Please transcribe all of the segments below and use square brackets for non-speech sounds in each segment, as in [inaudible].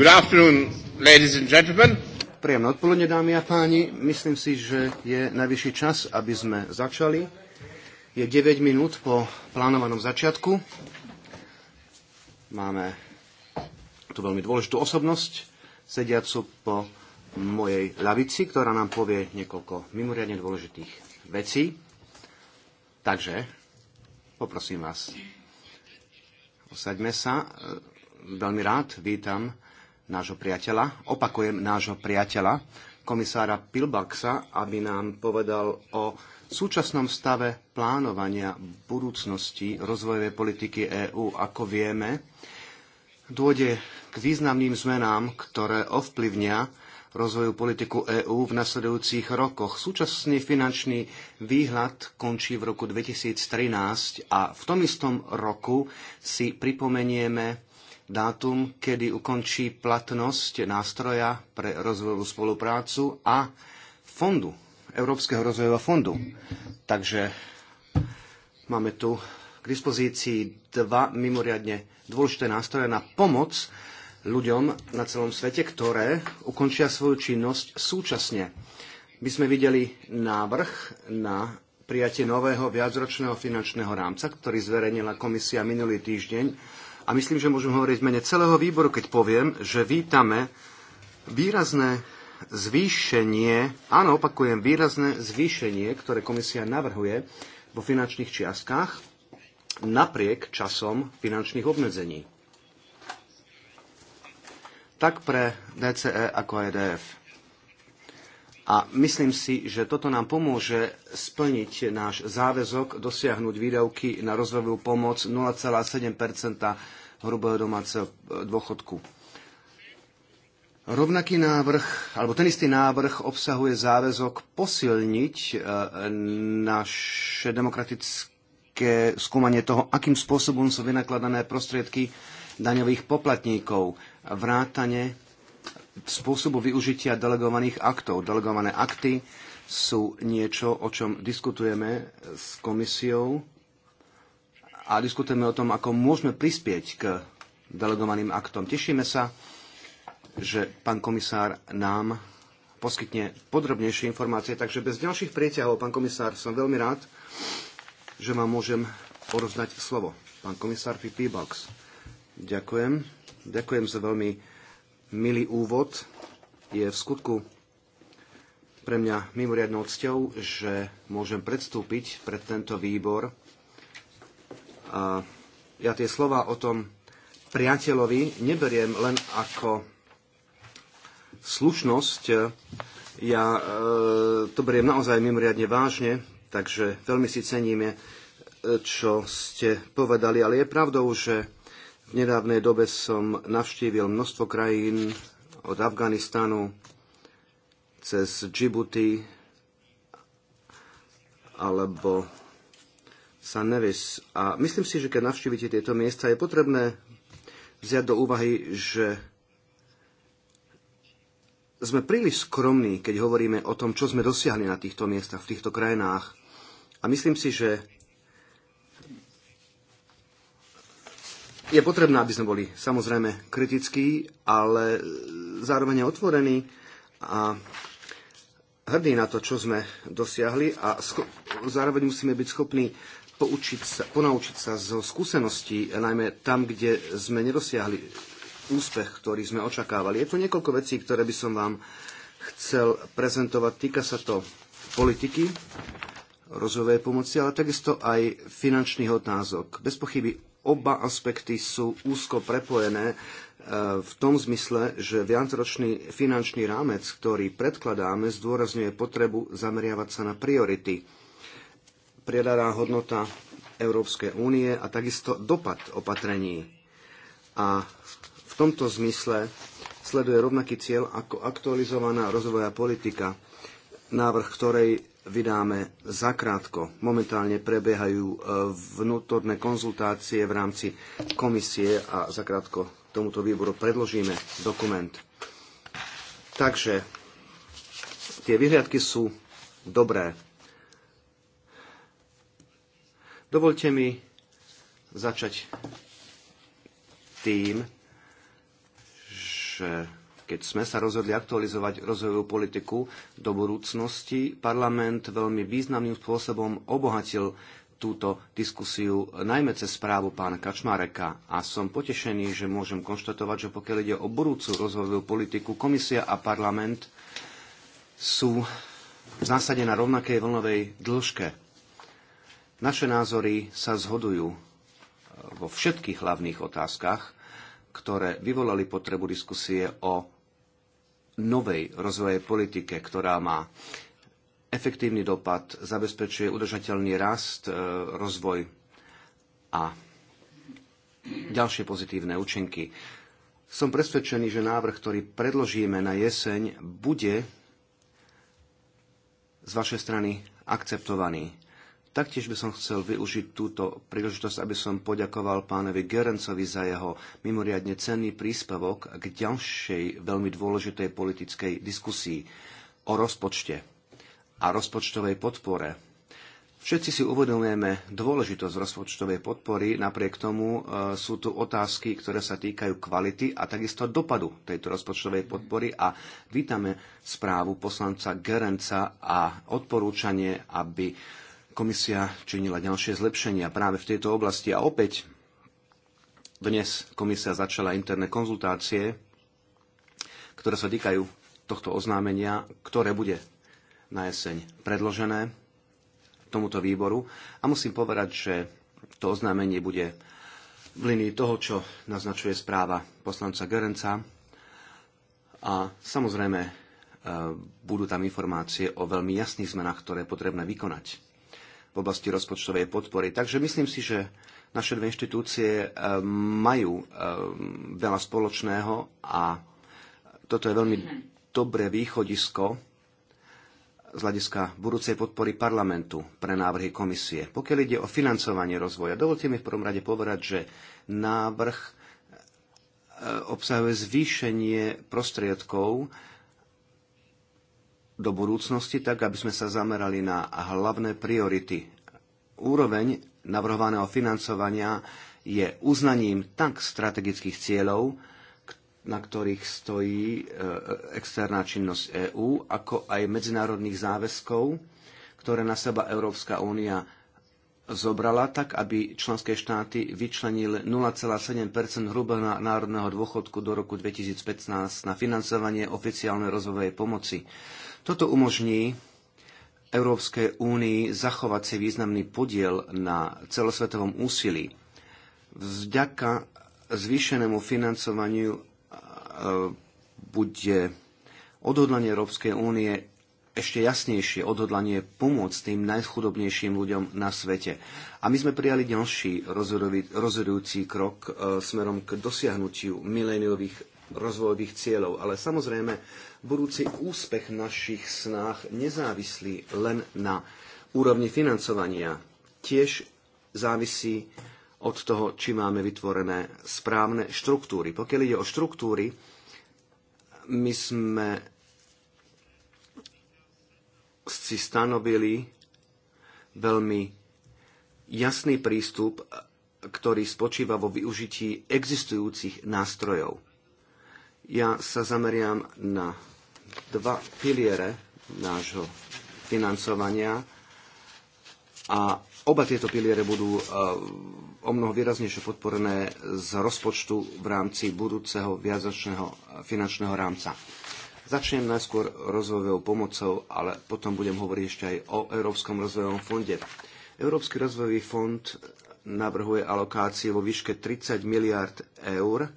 Good afternoon, ladies and gentlemen. Príjemné odpoludne, dámy a páni. Myslím si, že je najvyšší čas, aby sme začali. Je 9 minút po plánovanom začiatku. Máme tu veľmi dôležitú osobnosť, sediacu po mojej lavici, ktorá nám povie niekoľko mimoriadne dôležitých vecí. Takže poprosím vás, osaďme sa. Veľmi rád vítam nášho priateľa, opakujem nášho priateľa, komisára Pilbaxa, aby nám povedal o súčasnom stave plánovania budúcnosti rozvojovej politiky EÚ. Ako vieme, dôjde k významným zmenám, ktoré ovplyvnia rozvoju politiku EÚ v nasledujúcich rokoch. Súčasný finančný výhľad končí v roku 2013 a v tom istom roku si pripomenieme dátum, kedy ukončí platnosť nástroja pre rozvojovú spoluprácu a fondu, Európskeho rozvojového fondu. Takže máme tu k dispozícii dva mimoriadne dôležité nástroje na pomoc ľuďom na celom svete, ktoré ukončia svoju činnosť súčasne. My sme videli návrh na prijatie nového viacročného finančného rámca, ktorý zverejnila komisia minulý týždeň a myslím, že môžem hovoriť v mene celého výboru, keď poviem, že vítame výrazné zvýšenie, áno, opakujem, výrazné zvýšenie, ktoré komisia navrhuje vo finančných čiastkách napriek časom finančných obmedzení. Tak pre DCE ako aj DF. A myslím si, že toto nám pomôže splniť náš záväzok dosiahnuť výdavky na rozvojovú pomoc 0,7 hrubého domáceho e, dôchodku. Rovnaký návrh, alebo ten istý návrh obsahuje záväzok posilniť e, naše demokratické skúmanie toho, akým spôsobom sú vynakladané prostriedky daňových poplatníkov, vrátane spôsobu využitia delegovaných aktov. Delegované akty sú niečo, o čom diskutujeme s komisiou a diskutujeme o tom, ako môžeme prispieť k delegovaným aktom. Tešíme sa, že pán komisár nám poskytne podrobnejšie informácie. Takže bez ďalších prieťahov, pán komisár, som veľmi rád, že vám môžem porozdať slovo. Pán komisár P.P. Box. Ďakujem. Ďakujem za veľmi milý úvod. Je v skutku pre mňa mimoriadnou cťou, že môžem predstúpiť pred tento výbor a ja tie slova o tom priateľovi neberiem len ako slušnosť, ja e, to beriem naozaj mimoriadne vážne, takže veľmi si ceníme, čo ste povedali, ale je pravdou, že v nedávnej dobe som navštívil množstvo krajín od Afganistanu cez Džibuti alebo San Nevis. A myslím si, že keď navštívite tieto miesta, je potrebné vziať do úvahy, že sme príliš skromní, keď hovoríme o tom, čo sme dosiahli na týchto miestach, v týchto krajinách. A myslím si, že je potrebné, aby sme boli samozrejme kritickí, ale zároveň otvorení a hrdí na to, čo sme dosiahli a zároveň musíme byť schopní poučiť sa, ponaučiť sa zo skúseností, najmä tam, kde sme nedosiahli úspech, ktorý sme očakávali. Je tu niekoľko vecí, ktoré by som vám chcel prezentovať. Týka sa to politiky, rozvojovej pomoci, ale takisto aj finančných otázok. Bez pochyby oba aspekty sú úzko prepojené e, v tom zmysle, že viacročný finančný rámec, ktorý predkladáme, zdôrazňuje potrebu zameriavať sa na priority priedaná hodnota Európskej únie a takisto dopad opatrení. A v tomto zmysle sleduje rovnaký cieľ ako aktualizovaná rozvoja politika, návrh ktorej vydáme zakrátko. Momentálne prebiehajú e, vnútorné konzultácie v rámci komisie a zakrátko tomuto výboru predložíme dokument. Takže tie vyhliadky sú dobré. Dovolte mi začať tým, že keď sme sa rozhodli aktualizovať rozvojovú politiku do budúcnosti, parlament veľmi významným spôsobom obohatil túto diskusiu, najmä cez správu pána Kačmareka. A som potešený, že môžem konštatovať, že pokiaľ ide o budúcu rozvojovú politiku, komisia a parlament sú v zásade na rovnakej vlnovej dĺžke. Naše názory sa zhodujú e, vo všetkých hlavných otázkach, ktoré vyvolali potrebu diskusie o novej rozvojej politike, ktorá má efektívny dopad, zabezpečuje udržateľný rast, e, rozvoj a ďalšie pozitívne účinky. Som presvedčený, že návrh, ktorý predložíme na jeseň, bude z vašej strany akceptovaný. Taktiež by som chcel využiť túto príležitosť, aby som poďakoval pánovi Gerencovi za jeho mimoriadne cenný príspevok k ďalšej veľmi dôležitej politickej diskusii o rozpočte a rozpočtovej podpore. Všetci si uvedomujeme dôležitosť rozpočtovej podpory, napriek tomu e, sú tu otázky, ktoré sa týkajú kvality a takisto dopadu tejto rozpočtovej podpory a vítame správu poslanca Gerenca a odporúčanie, aby komisia činila ďalšie zlepšenia práve v tejto oblasti a opäť dnes komisia začala interné konzultácie, ktoré sa týkajú tohto oznámenia, ktoré bude na jeseň predložené tomuto výboru. A musím povedať, že to oznámenie bude v linii toho, čo naznačuje správa poslanca Gerenca. A samozrejme, e, budú tam informácie o veľmi jasných zmenách, ktoré je potrebné vykonať v oblasti rozpočtovej podpory. Takže myslím si, že naše dve inštitúcie eh, majú eh, veľa spoločného a toto je veľmi dobré východisko z hľadiska budúcej podpory parlamentu pre návrhy komisie. Pokiaľ ide o financovanie rozvoja, dovolte mi v prvom rade povedať, že návrh eh, obsahuje zvýšenie prostriedkov do budúcnosti, tak aby sme sa zamerali na hlavné priority. Úroveň navrhovaného financovania je uznaním tak strategických cieľov, na ktorých stojí e, externá činnosť EÚ, ako aj medzinárodných záväzkov, ktoré na seba Európska únia zobrala tak, aby členské štáty vyčlenili 0,7 hrubého národného dôchodku do roku 2015 na financovanie oficiálnej rozvojovej pomoci. Toto umožní Európskej únii zachovať si významný podiel na celosvetovom úsilí. Vďaka zvýšenému financovaniu e, bude odhodlanie Európskej únie ešte jasnejšie odhodlanie pomôcť tým najchudobnejším ľuďom na svete. A my sme prijali ďalší rozhodujúci krok e, smerom k dosiahnutiu miléniových rozvojových cieľov. Ale samozrejme, budúci úspech našich snách nezávislí len na úrovni financovania. Tiež závisí od toho, či máme vytvorené správne štruktúry. Pokiaľ ide o štruktúry, my sme si stanovili veľmi jasný prístup, ktorý spočíva vo využití existujúcich nástrojov. Ja sa zameriam na dva piliere nášho financovania a oba tieto piliere budú e, o mnoho výraznejšie podporené z rozpočtu v rámci budúceho viacročného finančného rámca. Začnem najskôr rozvojovou pomocou, ale potom budem hovoriť ešte aj o Európskom rozvojovom fonde. Európsky rozvojový fond navrhuje alokácie vo výške 30 miliard eur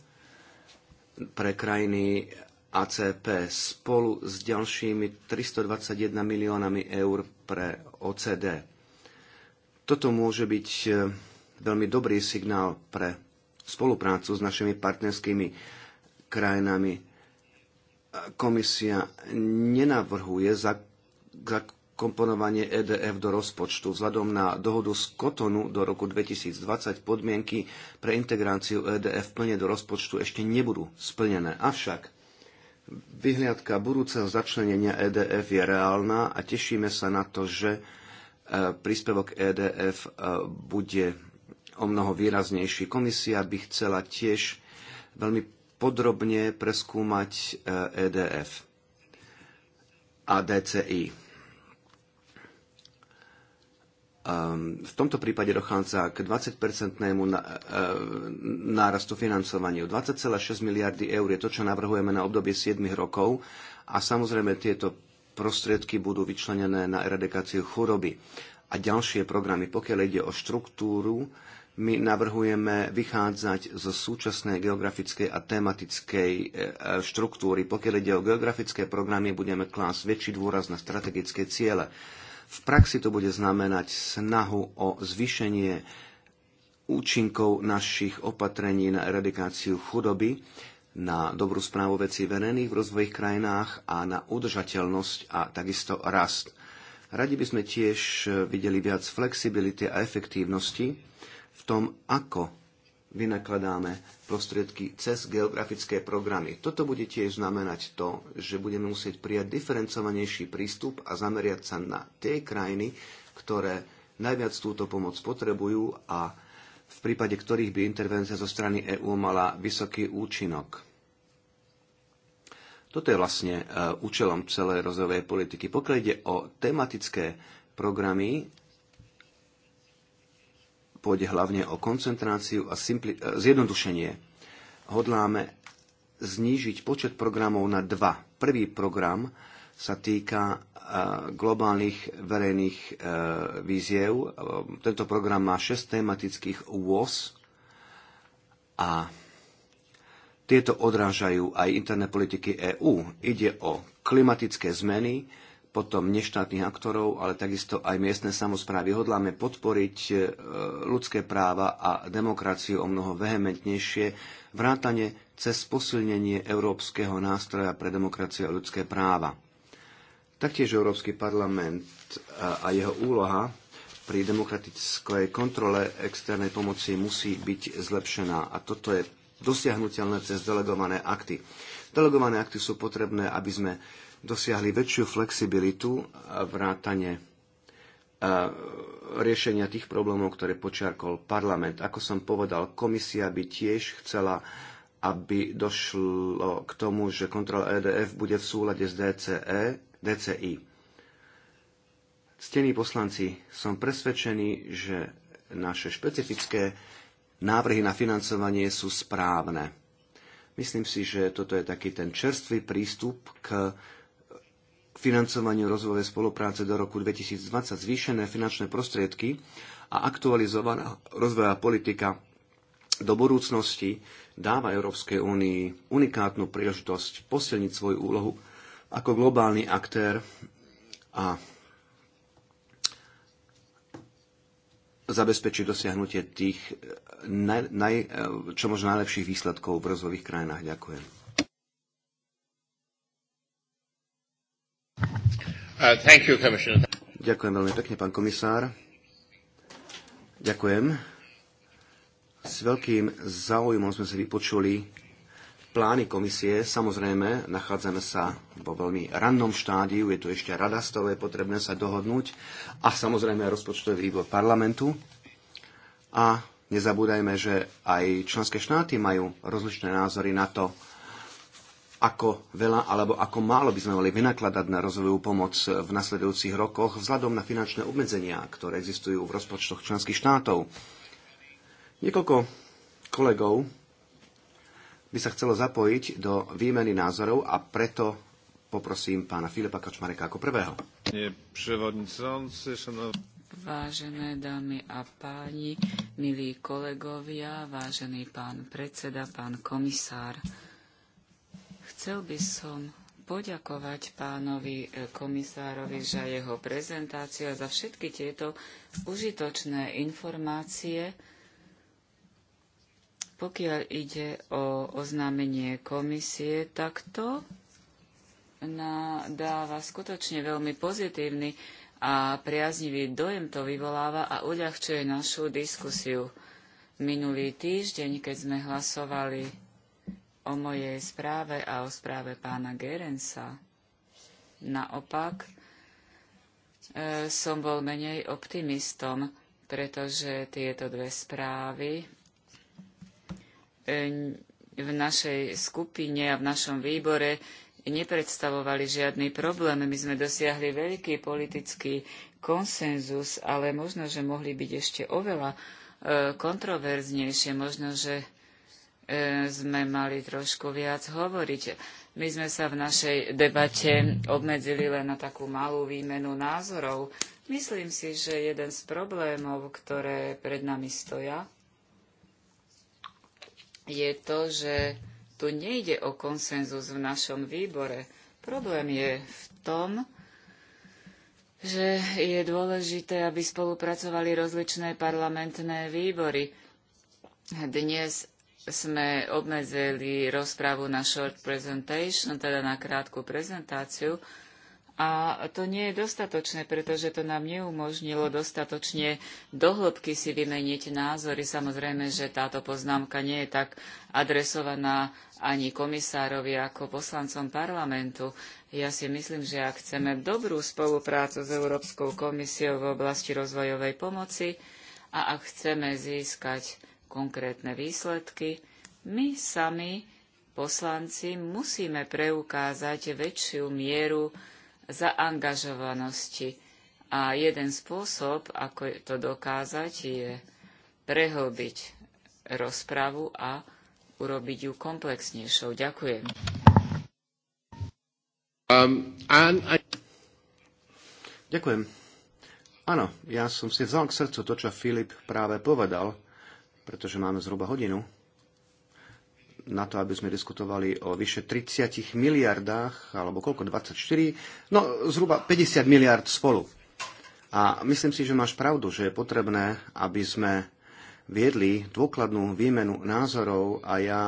pre krajiny ACP spolu s ďalšími 321 miliónami eur pre OCD. Toto môže byť e, veľmi dobrý signál pre spoluprácu s našimi partnerskými krajinami. Komisia nenavrhuje za, za komponovanie EDF do rozpočtu. Vzhľadom na dohodu z Kotonu do roku 2020 podmienky pre integráciu EDF plne do rozpočtu ešte nebudú splnené. Avšak vyhliadka budúceho začlenenia EDF je reálna a tešíme sa na to, že e, príspevok EDF e, bude o mnoho výraznejší. Komisia by chcela tiež veľmi podrobne preskúmať EDF e a DCI. Ehm, v tomto prípade dochádza k 20-percentnému e, e, nárastu financovaniu. 20,6 miliardy eur je to, čo navrhujeme na obdobie 7 rokov a samozrejme tieto prostriedky budú vyčlenené na eradikáciu choroby a ďalšie programy. Pokiaľ ide o štruktúru, my navrhujeme vychádzať zo súčasnej geografickej a tematickej e, štruktúry. Pokiaľ ide o geografické programy, budeme klásť väčší dôraz na strategické ciele. V praxi to bude znamenať snahu o zvýšenie účinkov našich opatrení na eradikáciu chudoby, na dobrú správu vecí verejných v rozvojich krajinách a na udržateľnosť a takisto rast. Radi by sme tiež videli viac flexibility a efektívnosti v tom, ako vynakladáme prostriedky cez geografické programy. Toto bude tiež znamenať to, že budeme musieť prijať diferencovanejší prístup a zameriať sa na tie krajiny, ktoré najviac túto pomoc potrebujú a v prípade ktorých by intervencia zo strany EÚ mala vysoký účinok. Toto je vlastne e, účelom celej rozvojovej politiky. Pokiaľ ide o tematické programy, pôjde hlavne o koncentráciu a simpli- e, zjednodušenie. Hodláme znížiť počet programov na dva. Prvý program sa týka e, globálnych verejných e, víziev. Tento program má 6 tematických úvoz a tieto odrážajú aj interné politiky EÚ. Ide o klimatické zmeny, potom neštátnych aktorov, ale takisto aj miestne samozprávy. Hodláme podporiť e, ľudské práva a demokraciu o mnoho vehementnejšie, vrátane cez posilnenie Európskeho nástroja pre demokraciu a ľudské práva. Taktiež Európsky parlament e, a jeho úloha pri demokratickej kontrole externej pomoci musí byť zlepšená. A toto je dosiahnuteľné cez delegované akty. Delegované akty sú potrebné, aby sme dosiahli väčšiu flexibilitu a vrátane a e, riešenia tých problémov, ktoré počiarkol parlament. Ako som povedal, komisia by tiež chcela, aby došlo k tomu, že kontrola EDF bude v súlade s DCE, DCI. Ctení poslanci, som presvedčený, že naše špecifické návrhy na financovanie sú správne. Myslím si, že toto je taký ten čerstvý prístup k financovaniu rozvojovej spolupráce do roku 2020 zvýšené finančné prostriedky a aktualizovaná rozvojová politika do budúcnosti dáva Európskej únii unikátnu príležitosť posilniť svoju úlohu ako globálny aktér a zabezpečiť dosiahnutie tých naj, naj, čo možno najlepších výsledkov v rozvojových krajinách. Ďakujem. Uh, thank you, Ďakujem veľmi pekne, pán komisár. Ďakujem. S veľkým záujmom sme si vypočuli plány komisie. Samozrejme, nachádzame sa vo veľmi rannom štádiu, je tu ešte rada, z toho je potrebné sa dohodnúť a samozrejme rozpočtový výbor parlamentu. A nezabúdajme, že aj členské štáty majú rozličné názory na to, ako veľa alebo ako málo by sme mali vynakladať na rozvojovú pomoc v nasledujúcich rokoch vzhľadom na finančné obmedzenia, ktoré existujú v rozpočtoch členských štátov. Niekoľko kolegov by sa chcelo zapojiť do výmeny názorov a preto poprosím pána Filipa Kačmareka ako prvého. Vážené dámy a páni, milí kolegovia, vážený pán predseda, pán komisár. Chcel by som poďakovať pánovi e, komisárovi za jeho prezentáciu a za všetky tieto užitočné informácie, pokiaľ ide o oznámenie komisie, tak to dáva skutočne veľmi pozitívny a priaznivý dojem to vyvoláva a uľahčuje našu diskusiu. Minulý týždeň, keď sme hlasovali o mojej správe a o správe pána Gerensa. Naopak, e, som bol menej optimistom, pretože tieto dve správy e, v našej skupine a v našom výbore nepredstavovali žiadny problém. My sme dosiahli veľký politický konsenzus, ale možno, že mohli byť ešte oveľa e, kontroverznejšie, možno, že E, sme mali trošku viac hovoriť. My sme sa v našej debate obmedzili len na takú malú výmenu názorov. Myslím si, že jeden z problémov, ktoré pred nami stoja, je to, že tu nejde o konsenzus v našom výbore. Problém je v tom, že je dôležité, aby spolupracovali rozličné parlamentné výbory. Dnes sme obmedzili rozpravu na short presentation, teda na krátku prezentáciu. A to nie je dostatočné, pretože to nám neumožnilo dostatočne dohlbky si vymeniť názory. Samozrejme, že táto poznámka nie je tak adresovaná ani komisárovi ako poslancom parlamentu. Ja si myslím, že ak chceme dobrú spoluprácu s Európskou komisiou v oblasti rozvojovej pomoci a ak chceme získať konkrétne výsledky, my sami, poslanci, musíme preukázať väčšiu mieru zaangažovanosti. A jeden spôsob, ako to dokázať, je prehlbiť rozpravu a urobiť ju komplexnejšou. Ďakujem. Um, I... Ďakujem. Áno, ja som si vzal k srdcu to, čo Filip práve povedal pretože máme zhruba hodinu na to, aby sme diskutovali o vyše 30 miliardách, alebo koľko, 24, no zhruba 50 miliard spolu. A myslím si, že máš pravdu, že je potrebné, aby sme viedli dôkladnú výmenu názorov a ja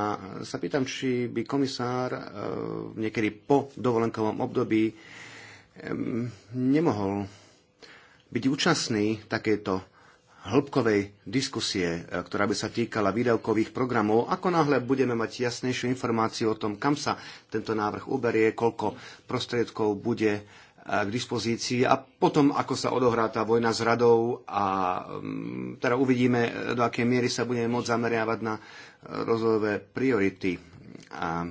sa pýtam, či by komisár e, niekedy po dovolenkovom období nemohol byť účastný takéto hĺbkovej diskusie, e, ktorá by sa týkala výdavkových programov. Ako náhle budeme mať jasnejšiu informáciu o tom, kam sa tento návrh uberie, koľko prostriedkov bude e, k dispozícii a potom, ako sa odohrá tá vojna s radou a mm, teda uvidíme, e, do akej miery sa budeme môcť zameriavať na rozvojové priority. A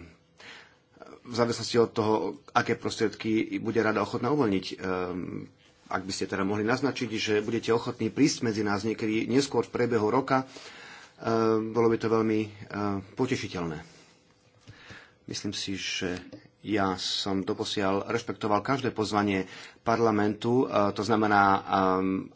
v závislosti od toho, aké prostriedky bude rada ochotná uvoľniť ak by ste teda mohli naznačiť, že budete ochotní prísť medzi nás niekedy neskôr v priebehu roka, e, bolo by to veľmi e, potešiteľné. Myslím si, že ja som doposiaľ rešpektoval každé pozvanie parlamentu, e, to znamená,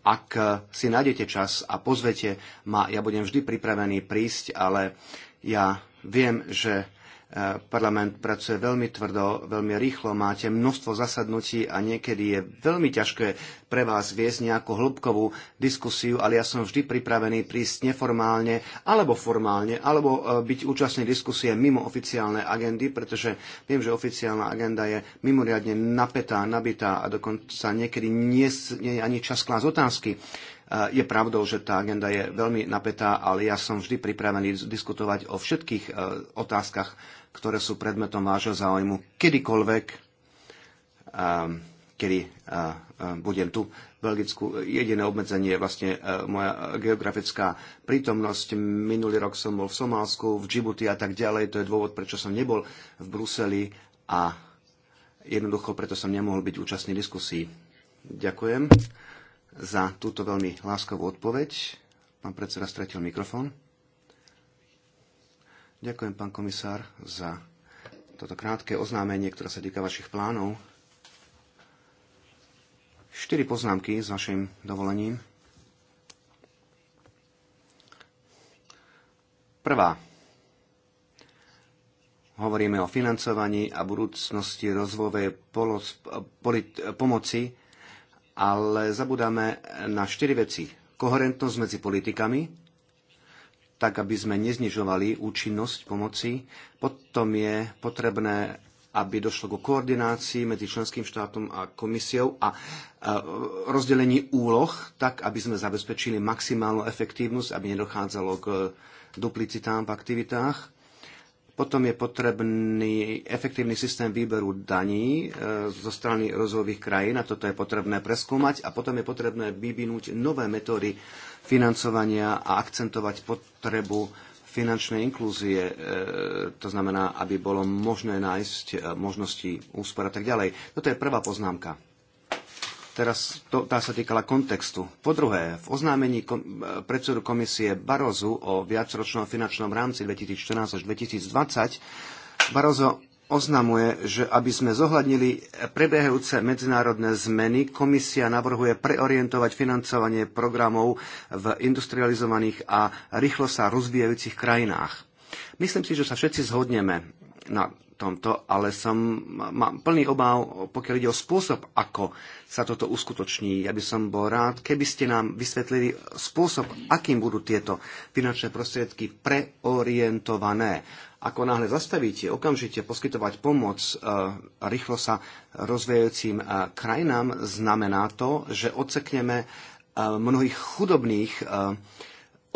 ak si nájdete čas a pozvete ma, ja budem vždy pripravený prísť, ale ja viem, že E, parlament pracuje veľmi tvrdo, veľmi rýchlo, máte množstvo zasadnutí a niekedy je veľmi ťažké pre vás viesť nejakú hĺbkovú diskusiu, ale ja som vždy pripravený prísť neformálne alebo formálne, alebo e, byť účastný diskusie mimo oficiálnej agendy, pretože viem, že oficiálna agenda je mimoriadne napätá, nabitá a dokonca niekedy nie, nie je ani čas klásť otázky. Eh, je pravdou, že tá agenda je veľmi napätá, ale ja som vždy pripravený diskutovať o všetkých eh, otázkach, ktoré sú predmetom vášho záujmu kedykoľvek, ehm, kedy eh, budem tu v Belgicku. Jediné obmedzenie je vlastne moja geografická prítomnosť. Minulý rok som bol v Somálsku, v Džibuti a tak ďalej. To je dôvod, prečo som nebol v Bruseli a jednoducho preto som nemohol byť účastný diskusí. Ďakujem za túto veľmi láskavú odpoveď. Pán predseda stratil mikrofón. Ďakujem, pán komisár, za toto krátke oznámenie, ktoré sa týka vašich plánov. Štyri poznámky s vašim dovolením. Prvá. Hovoríme o financovaní a budúcnosti rozvojovej pomoci ale zabudáme na štyri veci. Koherentnosť medzi politikami, tak aby sme neznižovali účinnosť pomoci. Potom je potrebné aby došlo k koordinácii medzi členským štátom a komisiou a e, rozdelení úloh, tak aby sme zabezpečili maximálnu efektívnosť, aby nedochádzalo k duplicitám v aktivitách. Potom je potrebný efektívny systém výberu daní e, zo strany rozvojových krajín a toto je potrebné preskúmať a potom je potrebné vyvinúť nové metódy financovania a akcentovať potrebu finančnej inklúzie, e, to znamená, aby bolo možné nájsť e, možnosti úspor a tak ďalej. Toto je prvá poznámka. Teraz to, tá sa týkala kontextu. Po druhé, v oznámení kom, e, predsedu komisie Barozu o viacročnom finančnom rámci 2014 až 2020 Barozo oznamuje, že aby sme zohľadnili prebiehajúce medzinárodné zmeny, komisia navrhuje preorientovať financovanie programov v industrializovaných a rýchlo sa rozvíjajúcich krajinách. Myslím si, že sa všetci zhodneme na tomto, ale som, mám plný obáv, pokiaľ ide o spôsob, ako sa toto uskutoční. Ja by som bol rád, keby ste nám vysvetlili spôsob, akým budú tieto finančné prostriedky preorientované. Ako náhle zastavíte okamžite poskytovať pomoc e, rýchlo sa rozvíjajúcim e, krajinám, znamená to, že odsekneme e, mnohých chudobných e,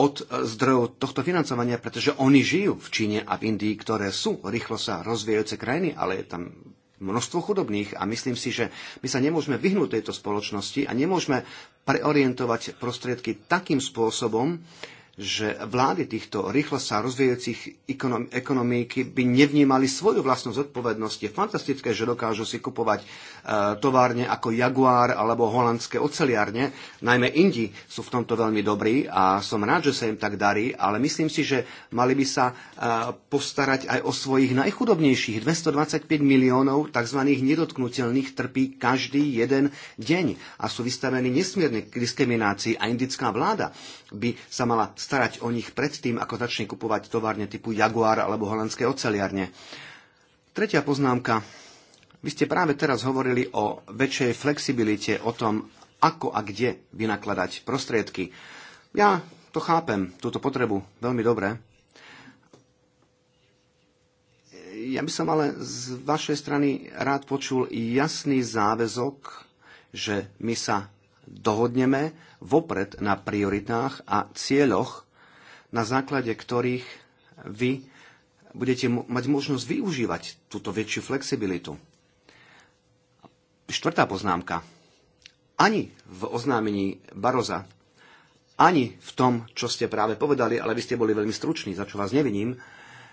od e, zdrojov tohto financovania, pretože oni žijú v Číne a v Indii, ktoré sú rýchlo sa rozvíjajúce krajiny, ale je tam množstvo chudobných a myslím si, že my sa nemôžeme vyhnúť tejto spoločnosti a nemôžeme preorientovať prostriedky takým spôsobom, že vlády týchto rýchlo sa rozvíjajúcich ekonom- ekonomíky by nevnímali svoju vlastnú zodpovednosť. Je fantastické, že dokážu si kupovať e, továrne ako Jaguar alebo holandské oceliárne. Najmä Indi sú v tomto veľmi dobrí a som rád, že sa im tak darí, ale myslím si, že mali by sa e, postarať aj o svojich najchudobnejších. 225 miliónov tzv. nedotknutelných trpí každý jeden deň a sú vystavení nesmierne k diskriminácii a indická vláda by sa mala starať o nich predtým, ako začne kupovať továrne typu Jaguar alebo holandské oceliarne. Tretia poznámka. Vy ste práve teraz hovorili o väčšej flexibilite, o tom, ako a kde vynakladať prostriedky. Ja to chápem, túto potrebu veľmi dobre. Ja by som ale z vašej strany rád počul jasný záväzok, že my sa dohodneme vopred na prioritách a cieľoch, na základe ktorých vy budete mať možnosť využívať túto väčšiu flexibilitu. Štvrtá poznámka. Ani v oznámení Baroza, ani v tom, čo ste práve povedali, ale vy ste boli veľmi struční, za čo vás neviním,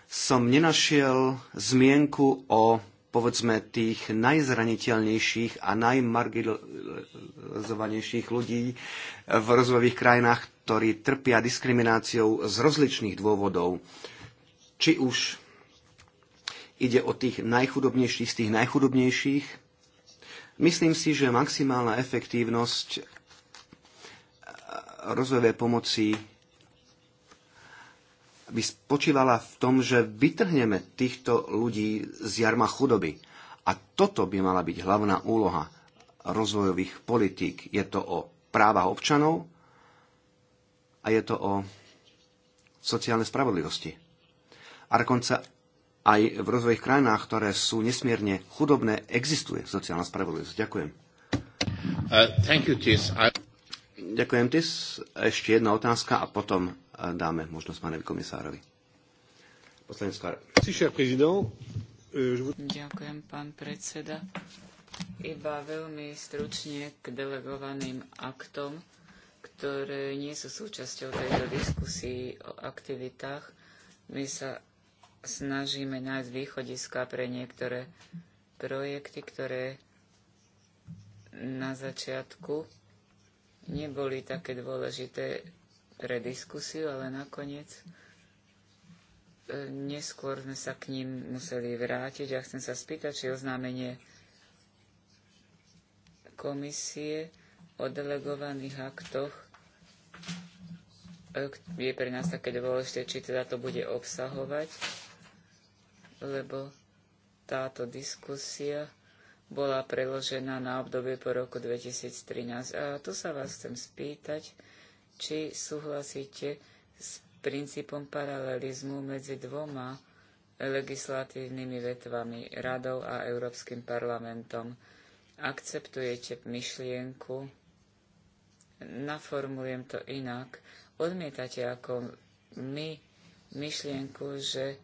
som nenašiel zmienku o povedzme tých najzraniteľnejších a najmarginalizovanejších ľudí v rozvojových krajinách, ktorí trpia diskrimináciou z rozličných dôvodov. Či už ide o tých najchudobnejších z tých najchudobnejších, myslím si, že maximálna efektívnosť rozvojovej pomoci by spočívala v tom, že vytrhneme týchto ľudí z jarma chudoby. A toto by mala byť hlavná úloha rozvojových politík. Je to o právach občanov a je to o sociálnej spravodlivosti. A dokonca aj v rozvojových krajinách, ktoré sú nesmierne chudobné, existuje sociálna spravodlivosť. Ďakujem. Uh, thank you, Tis. I... Ďakujem, Tis. Ešte jedna otázka a potom dáme možnosť pánovi komisárovi. Euh, Ďakujem, pán predseda. Iba veľmi stručne k delegovaným aktom, ktoré nie sú súčasťou tejto diskusii o aktivitách. My sa snažíme nájsť východiska pre niektoré projekty, ktoré na začiatku neboli také dôležité pre diskusiu, ale nakoniec e, neskôr sme sa k ním museli vrátiť a chcem sa spýtať, či oznámenie komisie o delegovaných aktoch e, je pre nás také dôležité, či teda to bude obsahovať, lebo táto diskusia bola preložená na obdobie po roku 2013. A tu sa vás chcem spýtať, či súhlasíte s princípom paralelizmu medzi dvoma legislatívnymi vetvami, Radou a Európskym parlamentom. Akceptujete myšlienku? Naformulujem to inak. Odmietate ako my myšlienku, že e,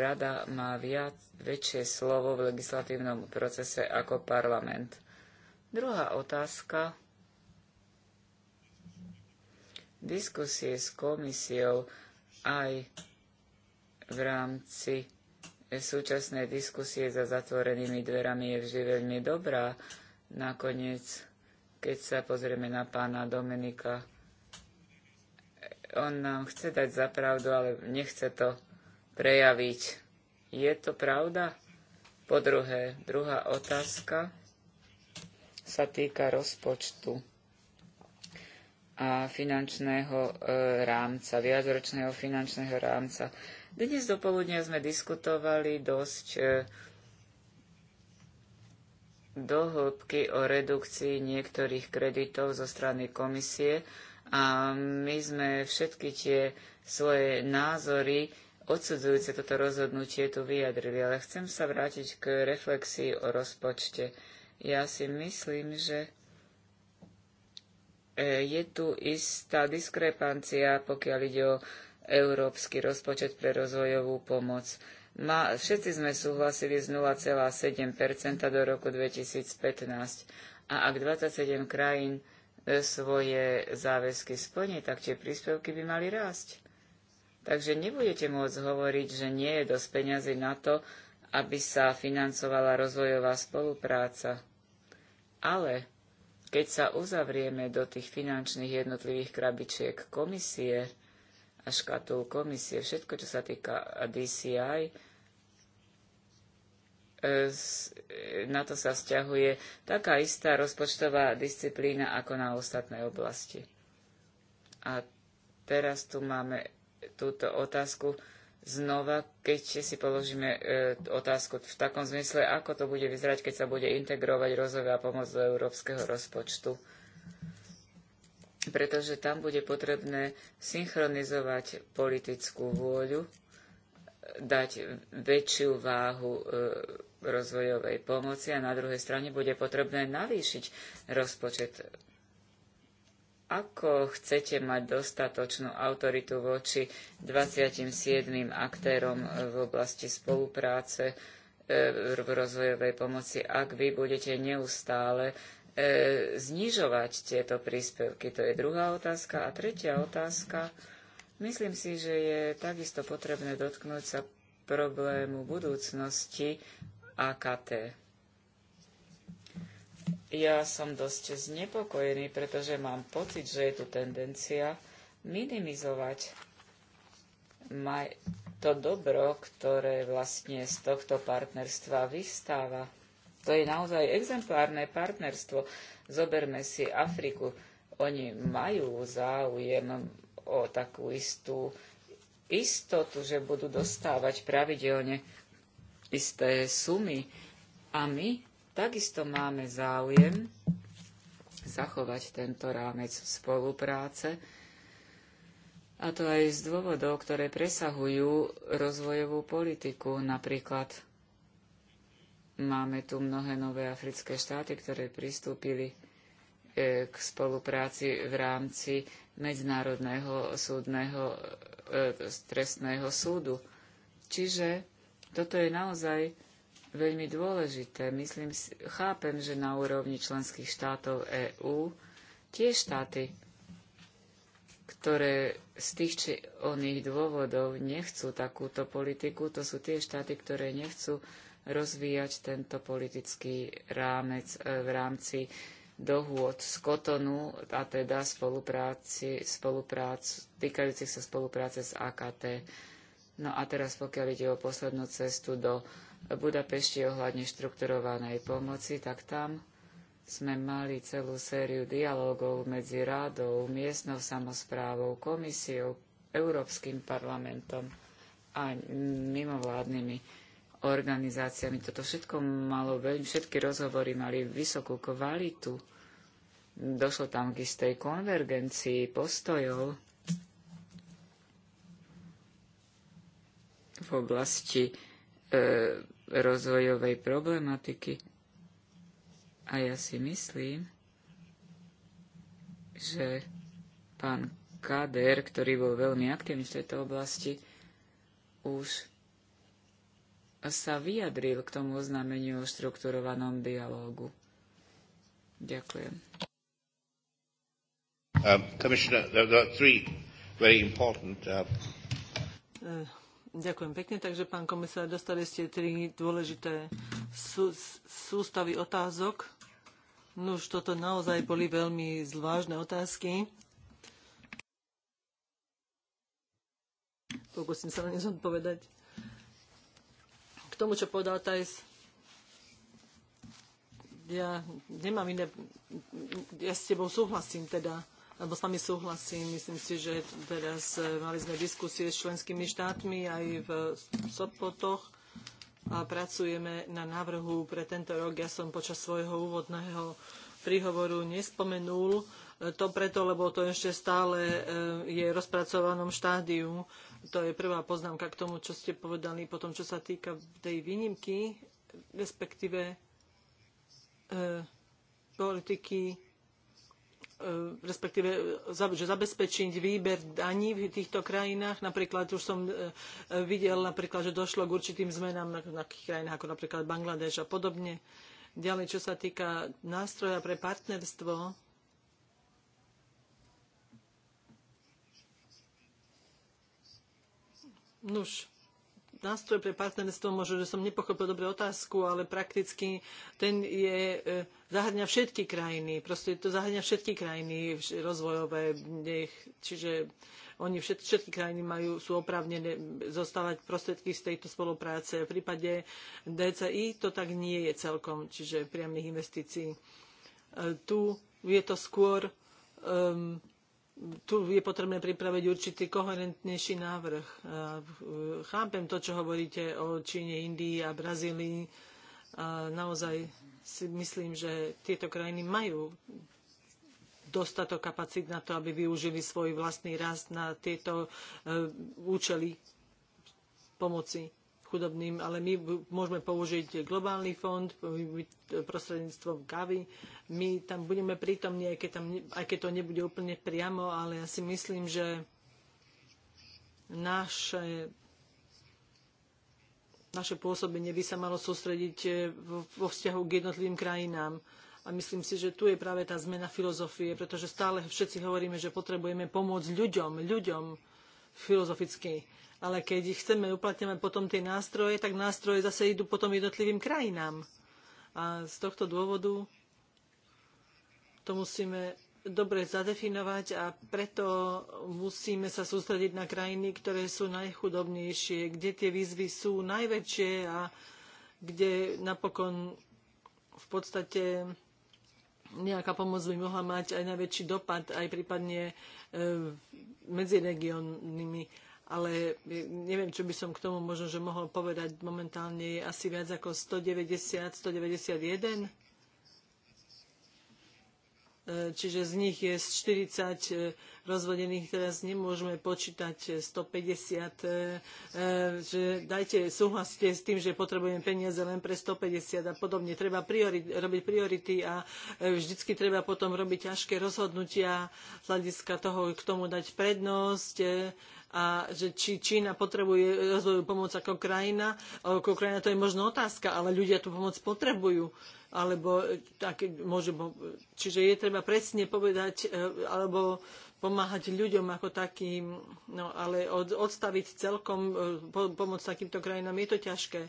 rada má viac, väčšie slovo v legislatívnom procese ako parlament. Druhá otázka Diskusie s komisiou aj v rámci súčasnej diskusie za zatvorenými dverami je vždy veľmi dobrá. Nakoniec, keď sa pozrieme na pána Dominika, on nám chce dať za pravdu, ale nechce to prejaviť. Je to pravda? Po druhé, druhá otázka sa týka rozpočtu a finančného e, rámca, viacročného finančného rámca. Dnes do poludnia sme diskutovali dosť e, dohlbky o redukcii niektorých kreditov zo strany komisie a my sme všetky tie svoje názory odsudzujúce toto rozhodnutie tu vyjadrili, ale chcem sa vrátiť k reflexii o rozpočte. Ja si myslím, že E, je tu istá diskrepancia, pokiaľ ide o európsky rozpočet pre rozvojovú pomoc. Ma, všetci sme súhlasili s 0,7 do roku 2015 a ak 27 krajín e, svoje záväzky splní, tak tie príspevky by mali rásť. Takže nebudete môcť hovoriť, že nie je dosť peňazí na to, aby sa financovala rozvojová spolupráca. Ale keď sa uzavrieme do tých finančných jednotlivých krabičiek komisie a škatul komisie, všetko, čo sa týka DCI, e, e, na to sa vzťahuje taká istá rozpočtová disciplína ako na ostatné oblasti. A teraz tu máme túto otázku, znova, keď si položíme e, otázku v takom zmysle, ako to bude vyzerať, keď sa bude integrovať a pomoc do európskeho rozpočtu. Pretože tam bude potrebné synchronizovať politickú vôľu, dať väčšiu váhu e, rozvojovej pomoci a na druhej strane bude potrebné navýšiť rozpočet ako chcete mať dostatočnú autoritu voči 27 aktérom v oblasti spolupráce e, v rozvojovej pomoci, ak vy budete neustále e, znižovať tieto príspevky? To je druhá otázka. A tretia otázka. Myslím si, že je takisto potrebné dotknúť sa problému budúcnosti AKT. Ja som dosť znepokojený, pretože mám pocit, že je tu tendencia minimizovať to dobro, ktoré vlastne z tohto partnerstva vystáva. To je naozaj exemplárne partnerstvo. Zoberme si Afriku. Oni majú záujem o takú istú istotu, že budú dostávať pravidelne isté sumy. A my Takisto máme záujem zachovať tento rámec spolupráce, a to aj z dôvodov, ktoré presahujú rozvojovú politiku. Napríklad máme tu mnohé nové africké štáty, ktoré pristúpili e, k spolupráci v rámci Medzinárodného súdneho e, trestného súdu. Čiže toto je naozaj veľmi dôležité. Myslím, chápem, že na úrovni členských štátov EÚ tie štáty, ktoré z tých či oných dôvodov nechcú takúto politiku, to sú tie štáty, ktoré nechcú rozvíjať tento politický rámec e, v rámci dohôd z Kotonu, a teda spolupráci, spoluprác, týkajúcich sa spolupráce s AKT. No a teraz pokiaľ ide o poslednú cestu do v Budapešti ohľadne štrukturovanej pomoci, tak tam sme mali celú sériu dialógov medzi rádou, miestnou samozprávou, komisiou, Európskym parlamentom a mimovládnymi organizáciami. Toto všetko malo veľmi, všetky rozhovory mali vysokú kvalitu. Došlo tam k istej konvergencii postojov v oblasti E, rozvojovej problematiky. A ja si myslím, že pán Kader, ktorý bol veľmi aktívny v tejto oblasti, už sa vyjadril k tomu oznámeniu o štrukturovanom dialógu. Ďakujem. Um, uh, uh Ďakujem pekne. Takže, pán komisár, dostali ste tri dôležité sú, sústavy otázok. No už toto naozaj boli veľmi zvláštne otázky. Pokúsim sa na ne zodpovedať. K tomu, čo povedal Tajs, ja nemám iné... Ja s tebou súhlasím teda lebo s vami súhlasím. Myslím si, že teraz mali sme diskusie s členskými štátmi aj v Sopotoch a pracujeme na návrhu pre tento rok. Ja som počas svojho úvodného príhovoru nespomenul to preto, lebo to ešte stále eh, je v rozpracovanom štádiu. To je prvá poznámka k tomu, čo ste povedali. Potom, čo sa týka tej výnimky, respektíve eh, politiky E, respektíve e, že zabezpečiť výber daní v týchto krajinách. Napríklad už som e, videl, napríklad, že došlo k určitým zmenám na, takých krajinách ako napríklad Bangladeš a podobne. Ďalej, čo sa týka nástroja pre partnerstvo, Nuž, nástroj pre partnerstvo, možno, že som nepochopil dobre otázku, ale prakticky ten je, e, zahrňa všetky krajiny. Proste to zahrňa všetky krajiny rozvojové. Nech, čiže oni všet, všetky krajiny majú, sú oprávnené zostávať prostriedky z tejto spolupráce. V prípade DCI to tak nie je celkom, čiže priamých investícií. E, tu je to skôr um, tu je potrebné pripraviť určitý koherentnejší návrh. Chápem to, čo hovoríte o Číne, Indii a Brazílii. naozaj si myslím, že tieto krajiny majú dostatok kapacít na to, aby využili svoj vlastný rast na tieto e, účely pomoci chudobným, ale my môžeme použiť globálny fond prostredníctvom GAVI. My tam budeme prítomní, aj keď, tam, aj keď to nebude úplne priamo, ale ja si myslím, že naše naše pôsobenie by sa malo sústrediť e, vo vzťahu k jednotlivým krajinám. A myslím si, že tu je práve tá zmena filozofie, pretože stále všetci hovoríme, že potrebujeme pomôcť ľuďom, ľuďom, filozoficky. Ale keď chceme uplatňovať potom tie nástroje, tak nástroje zase idú potom jednotlivým krajinám. A z tohto dôvodu to musíme dobre zadefinovať a preto musíme sa sústrediť na krajiny, ktoré sú najchudobnejšie, kde tie výzvy sú najväčšie a kde napokon v podstate nejaká pomoc by mohla mať aj najväčší dopad, aj prípadne e, medzi regionnými. ale e, neviem, čo by som k tomu možno, že mohol povedať momentálne je asi viac ako 190, 191 E, čiže z nich je 40 e, rozvodených, teraz nemôžeme počítať 150, e, že dajte, súhlaste s tým, že potrebujeme peniaze len pre 150 a podobne. Treba priori, robiť priority a vždycky treba potom robiť ťažké rozhodnutia z hľadiska toho, k tomu dať prednosť, a že či Čína potrebuje rozvojovú pomoc ako krajina. Ako krajina to je možno otázka, ale ľudia tú pomoc potrebujú alebo tak, môže, čiže je treba presne povedať e, alebo pomáhať ľuďom ako takým, no ale od, odstaviť celkom e, po, pomoc takýmto krajinám je to ťažké.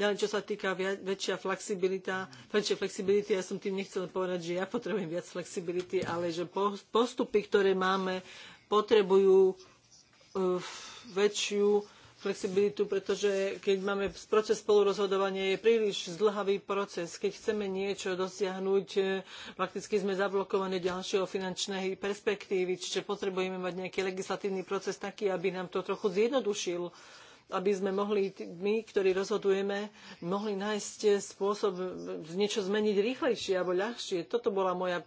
Ďalej, čo sa týka väčšia flexibilita, väčšia flexibility, ja som tým nechcel povedať, že ja potrebujem viac flexibility, ale že postupy, ktoré máme, potrebujú E, väčšiu flexibilitu, pretože keď máme proces spolurozhodovania, je príliš zdlhavý proces. Keď chceme niečo dosiahnuť, e, prakticky sme zablokovaní ďalšieho finančnej perspektívy, čiže potrebujeme mať nejaký legislatívny proces taký, aby nám to trochu zjednodušil aby sme mohli my, ktorí rozhodujeme, mohli nájsť spôsob niečo zmeniť rýchlejšie alebo ľahšie. Toto bola moja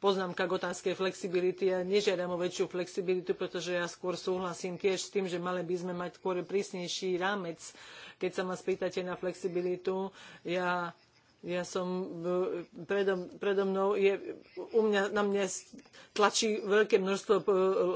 poznámka k otázke flexibility. Ja nežiadam o väčšiu flexibilitu, pretože ja skôr súhlasím tiež s tým, že mali by sme mať skôr prísnejší rámec. Keď sa ma spýtate na flexibilitu, ja ja som, e, predo, predo mnou je, u mňa, na mňa tlačí veľké množstvo e,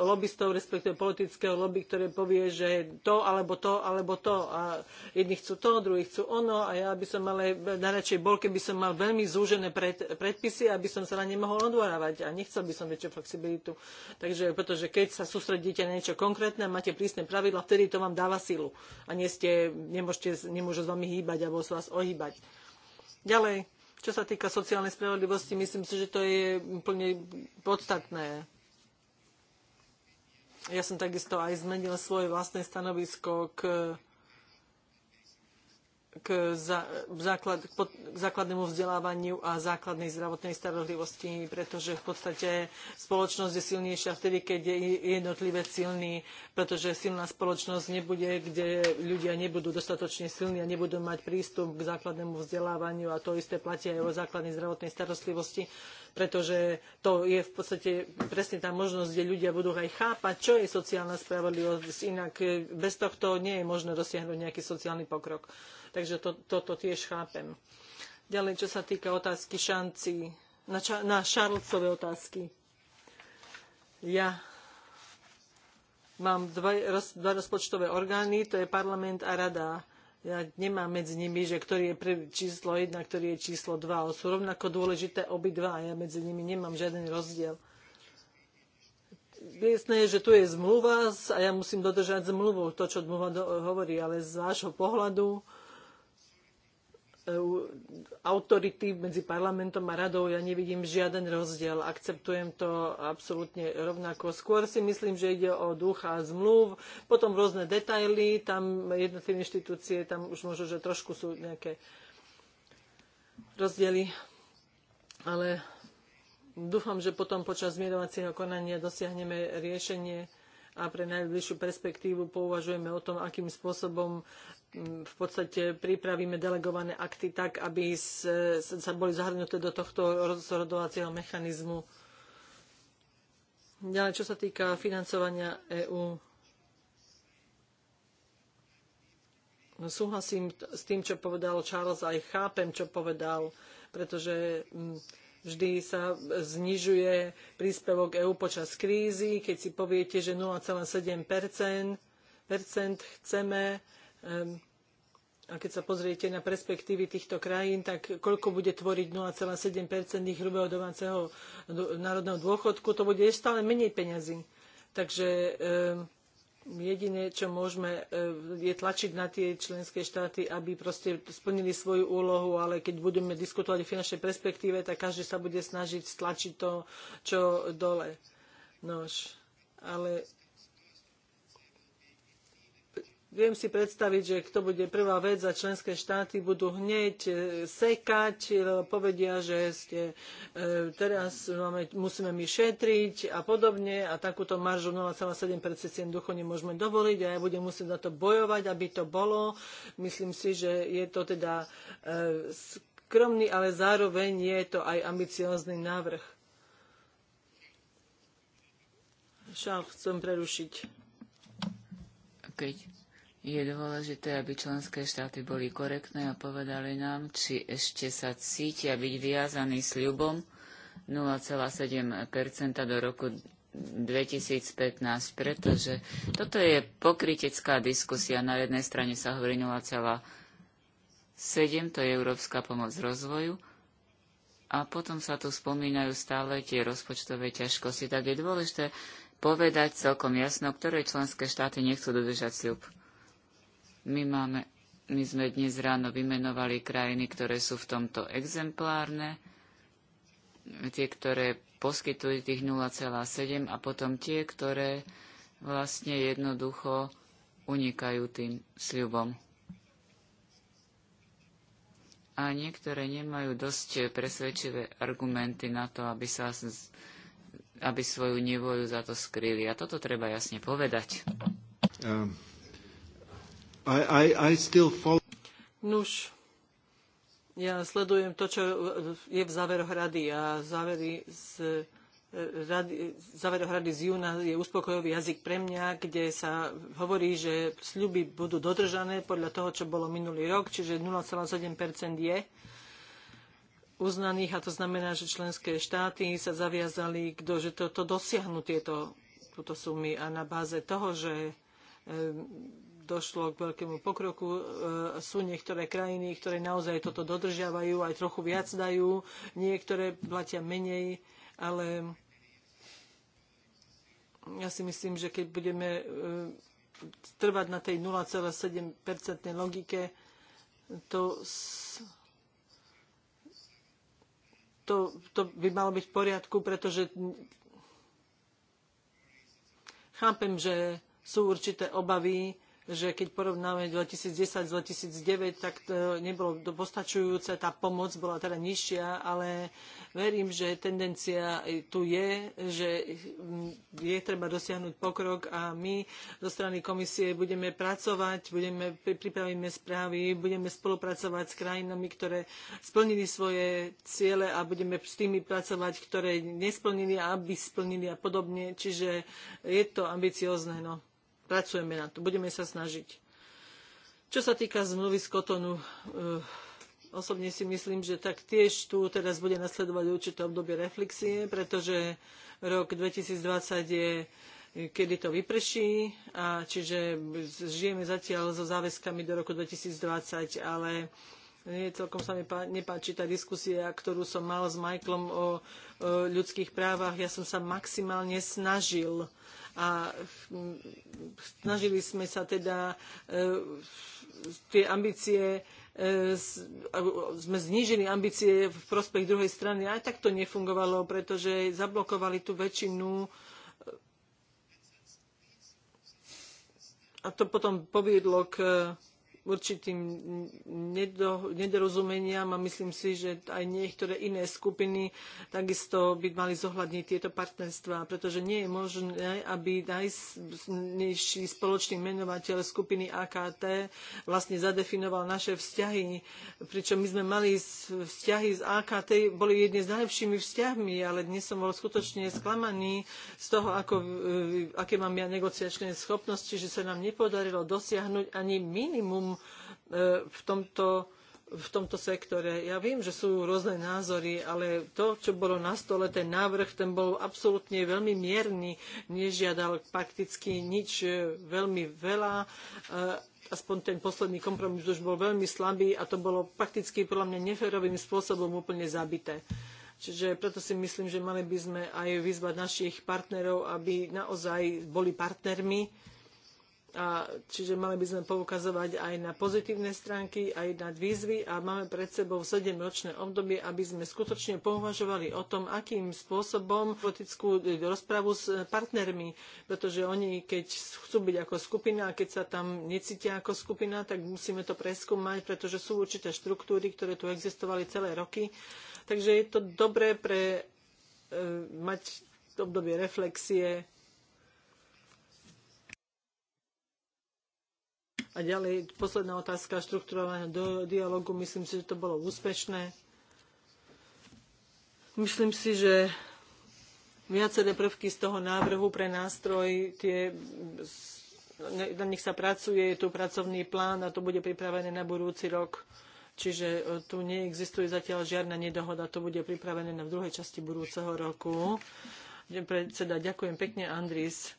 lobbystov, respektíve politického lobby, ktoré povie, že to, alebo to, alebo to. A jedni chcú to, druhí chcú ono. A ja by som ale najradšej bol, keby som mal veľmi zúžené pred, predpisy, aby som sa na ne mohol odvorávať. A nechcel by som väčšiu flexibilitu. Takže, pretože keď sa sústredíte na niečo konkrétne, máte prísne pravidla, vtedy to vám dáva silu. A nie ste, nemôžete, nemôžu s vami hýbať, alebo sa vás ohýbať. Ďalej, čo sa týka sociálnej spravodlivosti, myslím si, že to je úplne podstatné. Ja som takisto aj zmenil svoje vlastné stanovisko k k, za, základ, pod, k základnému vzdelávaniu a základnej zdravotnej starostlivosti, pretože v podstate spoločnosť je silnejšia vtedy, keď je jednotlivec silný, pretože silná spoločnosť nebude, kde ľudia nebudú dostatočne silní a nebudú mať prístup k základnému vzdelávaniu a to isté platí aj o základnej zdravotnej starostlivosti, pretože to je v podstate presne tá možnosť, kde ľudia budú aj chápať, čo je sociálna spravodlivosť. Inak eh, bez tohto nie je možné dosiahnuť nejaký sociálny pokrok. Takže to, to tiež chápem. Ďalej, čo sa týka otázky šanci, na, ča, na Charlesove otázky. Ja mám dva, roz, dva rozpočtové orgány, to je parlament a rada. Ja nemám medzi nimi, že ktorý je prv, číslo 1, ktorý je číslo 2. Sú rovnako dôležité obidva a ja medzi nimi nemám žiaden rozdiel. Jasné je, že tu je zmluva a ja musím dodržať zmluvu, to, čo zmluva hovorí, ale z vášho pohľadu E, autority medzi parlamentom a radou ja nevidím žiaden rozdiel. Akceptujem to absolútne rovnako. Skôr si myslím, že ide o ducha zmluv, potom rôzne detaily, tam jednotlivé inštitúcie, tam už možno, že trošku sú nejaké rozdiely. Ale dúfam, že potom počas zmierovacieho konania dosiahneme riešenie a pre najbližšiu perspektívu pouvažujeme o tom, akým spôsobom v podstate pripravíme delegované akty tak, aby sa boli zahrnuté do tohto rozhodovacieho mechanizmu. Ďalej, čo sa týka financovania EÚ, no, súhlasím s tým, čo povedal Charles, aj chápem, čo povedal, pretože mm, vždy sa znižuje príspevok EÚ počas krízy, keď si poviete, že 0,7 chceme, Ehm, a keď sa pozriete na perspektívy týchto krajín, tak koľko bude tvoriť 0,7 ich hrubého domáceho národného dôchodku, to bude stále menej peňazí. Takže ehm, jediné, čo môžeme, ehm, je tlačiť na tie členské štáty, aby proste splnili svoju úlohu, ale keď budeme diskutovať o finančnej perspektíve, tak každý sa bude snažiť stlačiť to, čo dole. Nož. Ale Viem si predstaviť, že to bude prvá vec a členské štáty budú hneď e, sekať, e, povedia, že ste, e, teraz máme, musíme my šetriť a podobne a takúto maržu 0,7% si jednoducho nemôžeme dovoliť a ja budem musieť na to bojovať, aby to bolo. Myslím si, že je to teda skromný, ale zároveň je to aj ambiciózny návrh. Šal, chcem prerušiť. Je dôležité, aby členské štáty boli korektné a povedali nám, či ešte sa cítia byť viazaní ľubom 0,7 do roku 2015, pretože toto je pokritecká diskusia. Na jednej strane sa hovorí 0,7, to je európska pomoc rozvoju, a potom sa tu spomínajú stále tie rozpočtové ťažkosti. Tak je dôležité povedať celkom jasno, ktoré členské štáty nechcú dodržať sľub. My, máme, my sme dnes ráno vymenovali krajiny, ktoré sú v tomto exemplárne, tie, ktoré poskytujú tých 0,7 a potom tie, ktoré vlastne jednoducho unikajú tým sľubom. A niektoré nemajú dosť presvedčivé argumenty na to, aby, sa, aby svoju nevoju za to skryli. A toto treba jasne povedať. Um. I, I, I still follow... Nuž, ja sledujem to, čo je v záveroch rady a závery z e, záveroch rady z júna je uspokojový jazyk pre mňa, kde sa hovorí, že sľuby budú dodržané podľa toho, čo bolo minulý rok, čiže 0,7 je uznaných a to znamená, že členské štáty sa zaviazali, kdo, že to, to dosiahnu tieto túto sumy a na báze toho, že e, došlo k veľkému pokroku. E, sú niektoré krajiny, ktoré naozaj toto dodržiavajú, aj trochu viac dajú, niektoré platia menej, ale ja si myslím, že keď budeme e, trvať na tej 0,7% logike, to to, to by malo byť v poriadku, pretože chápem, že sú určité obavy že keď porovnáme 2010 s 2009, tak to nebolo postačujúce, tá pomoc bola teda nižšia, ale verím, že tendencia tu je, že je treba dosiahnuť pokrok a my zo strany komisie budeme pracovať, budeme, pripravíme správy, budeme spolupracovať s krajinami, ktoré splnili svoje ciele a budeme s tými pracovať, ktoré nesplnili, aby splnili a podobne. Čiže je to ambiciozne. No pracujeme na to, budeme sa snažiť. Čo sa týka zmluvy z Kotonu, eh, osobne si myslím, že tak tiež tu teraz bude nasledovať určité obdobie reflexie, pretože rok 2020 je eh, kedy to vyprší, a čiže žijeme zatiaľ so záväzkami do roku 2020, ale nie, celkom sa mi nepáči tá diskusia, ktorú som mal s Michaelom o, o ľudských právach. Ja som sa maximálne snažil a snažili sme sa teda e, tie ambície e, sme znížili ambície v prospech druhej strany. Aj tak to nefungovalo, pretože zablokovali tú väčšinu a to potom poviedlo k určitým nedorozumeniam a myslím si, že aj niektoré iné skupiny takisto by mali zohľadniť tieto partnerstvá, pretože nie je možné, aby najnižší spoločný menovateľ skupiny AKT vlastne zadefinoval naše vzťahy, pričom my sme mali vzťahy s AKT, boli jedne z najlepšími vzťahmi, ale dnes som bol skutočne sklamaný z toho, ako, e, aké mám ja negociačné schopnosti, že sa nám nepodarilo dosiahnuť ani minimum v tomto v tomto sektore. Ja viem, že sú rôzne názory, ale to, čo bolo na stole, ten návrh, ten bol absolútne veľmi mierny, nežiadal prakticky nič e, veľmi veľa. E, aspoň ten posledný kompromis už bol veľmi slabý a to bolo prakticky podľa mňa neférovým spôsobom úplne zabité. Čiže preto si myslím, že mali by sme aj vyzvať našich partnerov, aby naozaj boli partnermi a, čiže mali by sme poukazovať aj na pozitívne stránky, aj na výzvy a máme pred sebou 7-ročné obdobie, aby sme skutočne pouvažovali o tom, akým spôsobom politickú rozpravu s partnermi, pretože oni, keď chcú byť ako skupina a keď sa tam necítia ako skupina, tak musíme to preskúmať, pretože sú určité štruktúry, ktoré tu existovali celé roky. Takže je to dobré pre e, mať obdobie reflexie A ďalej, posledná otázka štruktúrovaného dialogu. Myslím si, že to bolo úspešné. Myslím si, že viaceré prvky z toho návrhu pre nástroj, tie, na nich sa pracuje, je tu pracovný plán a to bude pripravené na budúci rok. Čiže e, tu neexistuje zatiaľ žiadna nedohoda, to bude pripravené na druhej časti budúceho roku. Predseda, ďakujem pekne, Andris.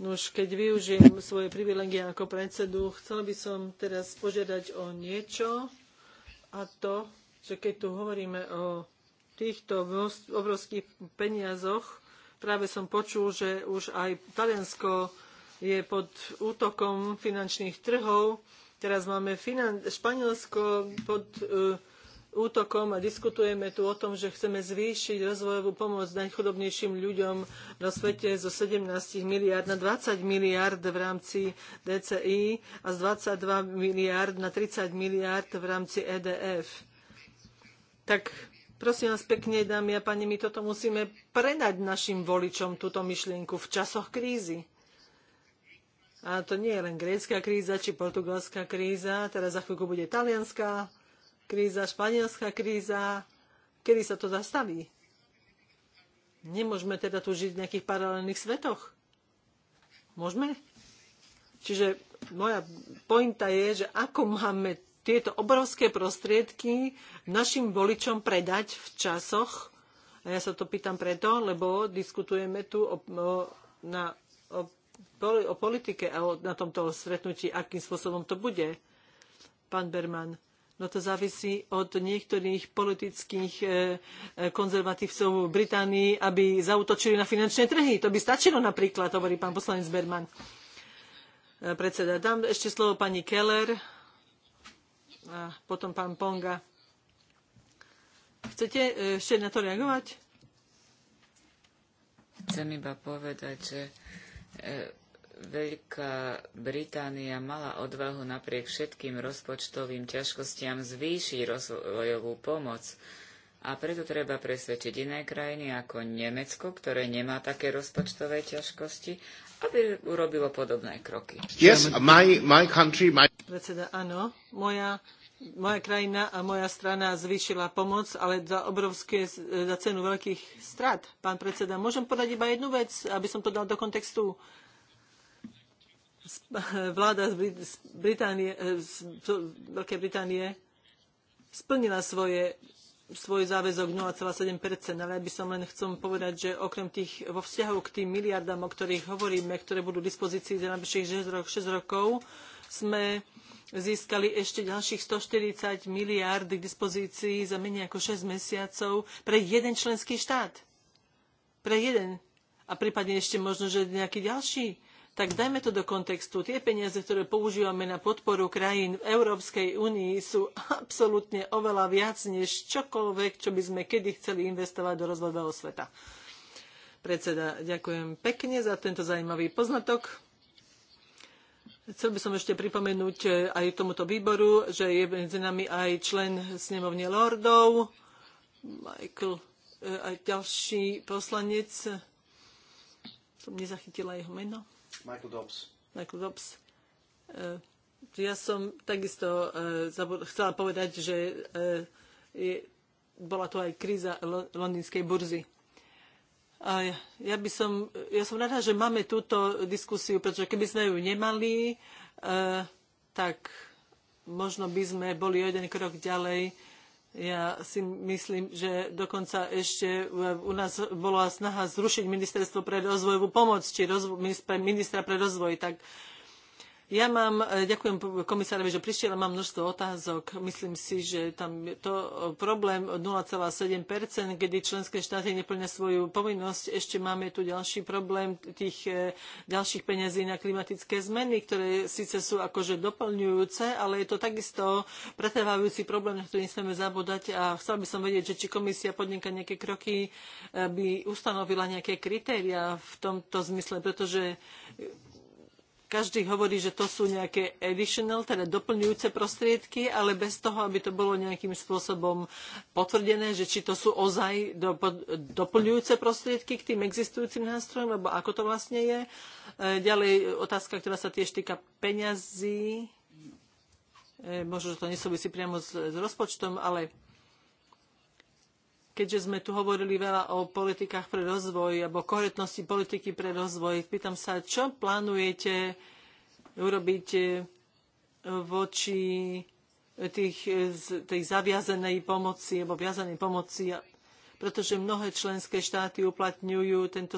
Nuž, keď využijem svoje privilegie ako predsedu, chcel by som teraz požiadať o niečo a to, že keď tu hovoríme o týchto obrovských peniazoch, práve som počul, že už aj Taliansko je pod útokom finančných trhov. Teraz máme Španielsko pod uh, útokom a diskutujeme tu o tom, že chceme zvýšiť rozvojovú pomoc najchudobnejším ľuďom na svete zo 17 miliard na 20 miliard v rámci DCI a z 22 miliard na 30 miliard v rámci EDF. Tak prosím vás pekne, dámy a pani, my toto musíme predať našim voličom, túto myšlienku v časoch krízy. A to nie je len grécka kríza či portugalská kríza, teraz za chvíľku bude talianská kríza, španielská kríza, kedy sa to zastaví. Nemôžeme teda tu žiť v nejakých paralelných svetoch. Môžeme? Čiže moja pointa je, že ako máme tieto obrovské prostriedky našim voličom predať v časoch, a ja sa to pýtam preto, lebo diskutujeme tu o, o, na, o, o politike a o, na tomto stretnutí, akým spôsobom to bude. Pán Berman. No to závisí od niektorých politických e, e, konzervatívcov v Británii, aby zautočili na finančné trhy. To by stačilo napríklad, hovorí pán poslanec Berman. E, predseda, dám ešte slovo pani Keller a potom pán Ponga. Chcete ešte na to reagovať? Chcem iba povedať, že Veľká Británia mala odvahu napriek všetkým rozpočtovým ťažkostiam zvýšiť rozvojovú pomoc. A preto treba presvedčiť iné krajiny ako Nemecko, ktoré nemá také rozpočtové ťažkosti, aby urobilo podobné kroky. Yes, my, my country, my... Predseda, áno, moja, moja krajina a moja strana zvýšila pomoc, ale za obrovské, za cenu veľkých strat. Pán predseda, môžem podať iba jednu vec, aby som to dal do kontextu [laughs] vláda z, Británie, e, z Veľkej Británie splnila svoje svoj záväzok 0,7%, ale ja by som len chcel povedať, že okrem tých, vo vzťahu k tým miliardám, o ktorých hovoríme, ktoré budú v dispozícii za najbližších 6 rokov, sme získali ešte ďalších 140 miliard k dispozícii za menej ako 6 mesiacov pre jeden členský štát. Pre jeden. A prípadne ešte možno, že nejaký ďalší tak dajme to do kontextu. Tie peniaze, ktoré používame na podporu krajín v Európskej únii sú absolútne oveľa viac než čokoľvek, čo by sme kedy chceli investovať do rozvojového sveta. Predseda, ďakujem pekne za tento zaujímavý poznatok. Chcel by som ešte pripomenúť eh, aj tomuto výboru, že je medzi nami aj člen snemovne lordov, Michael, eh, aj ďalší poslanec. Som nezachytila jeho meno. Michael Dobbs. Michael Dobbs. E, ja som takisto e, chcela povedať, že e, bola to aj kríza londýnskej burzy. A ja, by som, ja som rada, že máme túto diskusiu, pretože keby sme ju nemali, tak možno by sme boli o jeden krok ďalej ja si myslím, že dokonca ešte u nás bola snaha zrušiť ministerstvo pre rozvojovú pomoc, či rozvo- ministra pre rozvoj, tak ja mám, e, ďakujem komisárovi, že prišiel, mám množstvo otázok. Myslím si, že tam je to problém 0,7%, kedy členské štáty neplňa svoju povinnosť. Ešte máme tu ďalší problém tých e, ďalších peňazí na klimatické zmeny, ktoré síce sú akože doplňujúce, ale je to takisto pretrvávajúci problém, na ktorý nesmieme zabúdať a chcel by som vedieť, že či komisia podniká nejaké kroky, e, by ustanovila nejaké kritéria v tomto zmysle, pretože každý hovorí, že to sú nejaké additional, teda doplňujúce prostriedky, ale bez toho, aby to bolo nejakým spôsobom potvrdené, že či to sú ozaj do, doplňujúce prostriedky k tým existujúcim nástrojom, alebo ako to vlastne je. E, ďalej otázka, ktorá sa tiež týka peňazí. E, možno, že to nesúvisí priamo s, s rozpočtom, ale keďže sme tu hovorili veľa o politikách pre rozvoj alebo koretnosti politiky pre rozvoj, pýtam sa, čo plánujete urobiť e, voči e, tých, e, tej zaviazenej pomoci alebo viazanej pomoci, pretože mnohé členské štáty uplatňujú tento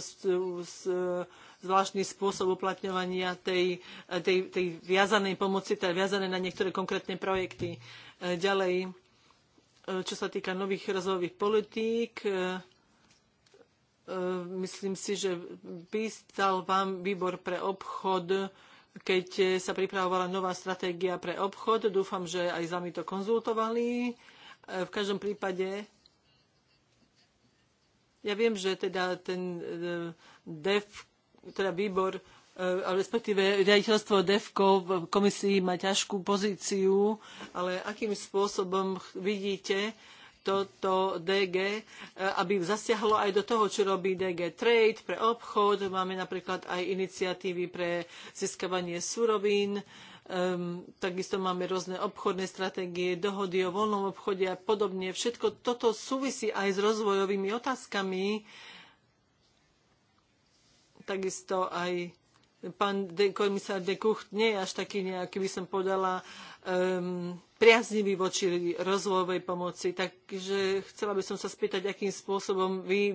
zvláštny spôsob uplatňovania tej, tej, tej viazanej pomoci, teda viazané na niektoré konkrétne projekty. Ďalej, E, čo sa týka nových rozvojových politík, e, e, myslím si, že písal vám výbor pre obchod, keď sa pripravovala nová stratégia pre obchod. Dúfam, že aj s vami to konzultovali. V každom prípade ja viem, že teda ten DEF, teda výbor Eh, respektíve riaditeľstvo DEFCO v komisii má ťažkú pozíciu, ale akým spôsobom vidíte toto DG, eh, aby zasiahlo aj do toho, čo robí DG Trade pre obchod. Máme napríklad aj iniciatívy pre získavanie surovín. Um, takisto máme rôzne obchodné stratégie, dohody o voľnom obchode a podobne. Všetko toto súvisí aj s rozvojovými otázkami, takisto aj pán de, komisár de Kucht nie je až taký nejaký, by som povedala, um, priaznivý voči rozvojovej pomoci. Takže chcela by som sa spýtať, akým spôsobom vy eh,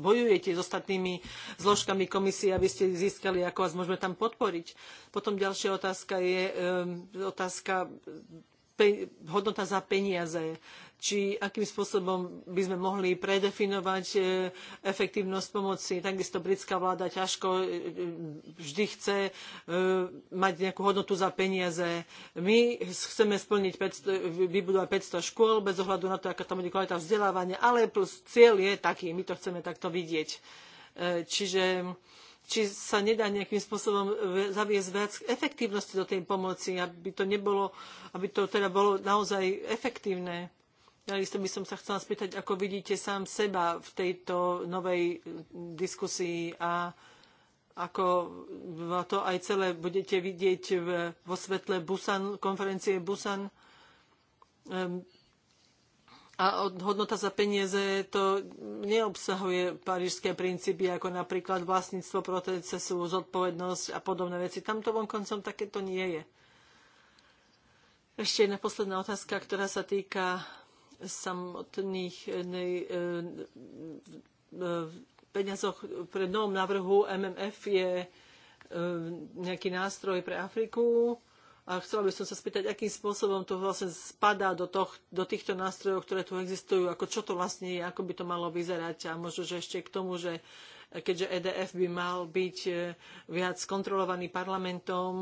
bojujete s ostatnými zložkami komisie, aby ste získali, ako vás môžeme tam podporiť. Potom ďalšia otázka je um, otázka hodnota za peniaze, či akým spôsobom by sme mohli predefinovať e, efektívnosť pomoci. Takisto britská vláda ťažko e, e, vždy chce mať nejakú hodnotu za peniaze. My chceme splniť 500, vybudovať 500 škôl bez ohľadu na to, aká tam bude kvalita vzdelávania, ale plus cieľ je taký, my to chceme takto vidieť. Čiže či sa nedá nejakým spôsobom zaviesť viac efektívnosti do tej pomoci, aby to nebolo, aby to teda bolo naozaj efektívne. Ja isto by som sa chcela spýtať, ako vidíte sám seba v tejto novej diskusii a ako to aj celé budete vidieť vo svetle Busan, konferencie Busan. Ehm, a hodnota za peniaze to neobsahuje parížské princípy, ako napríklad vlastníctvo, procesu, zodpovednosť a podobné veci. Tam vonkoncom takéto nie je. Ešte jedna posledná otázka, ktorá sa týka samotných nej, e, e, peniazoch pre novom návrhu MMF je e, nejaký nástroj pre Afriku a chcela by som sa spýtať, akým spôsobom to vlastne spadá do, toh, do týchto nástrojov, ktoré tu existujú, ako čo to vlastne je, ako by to malo vyzerať a možno, že ešte k tomu, že keďže EDF by mal byť e, viac kontrolovaný parlamentom,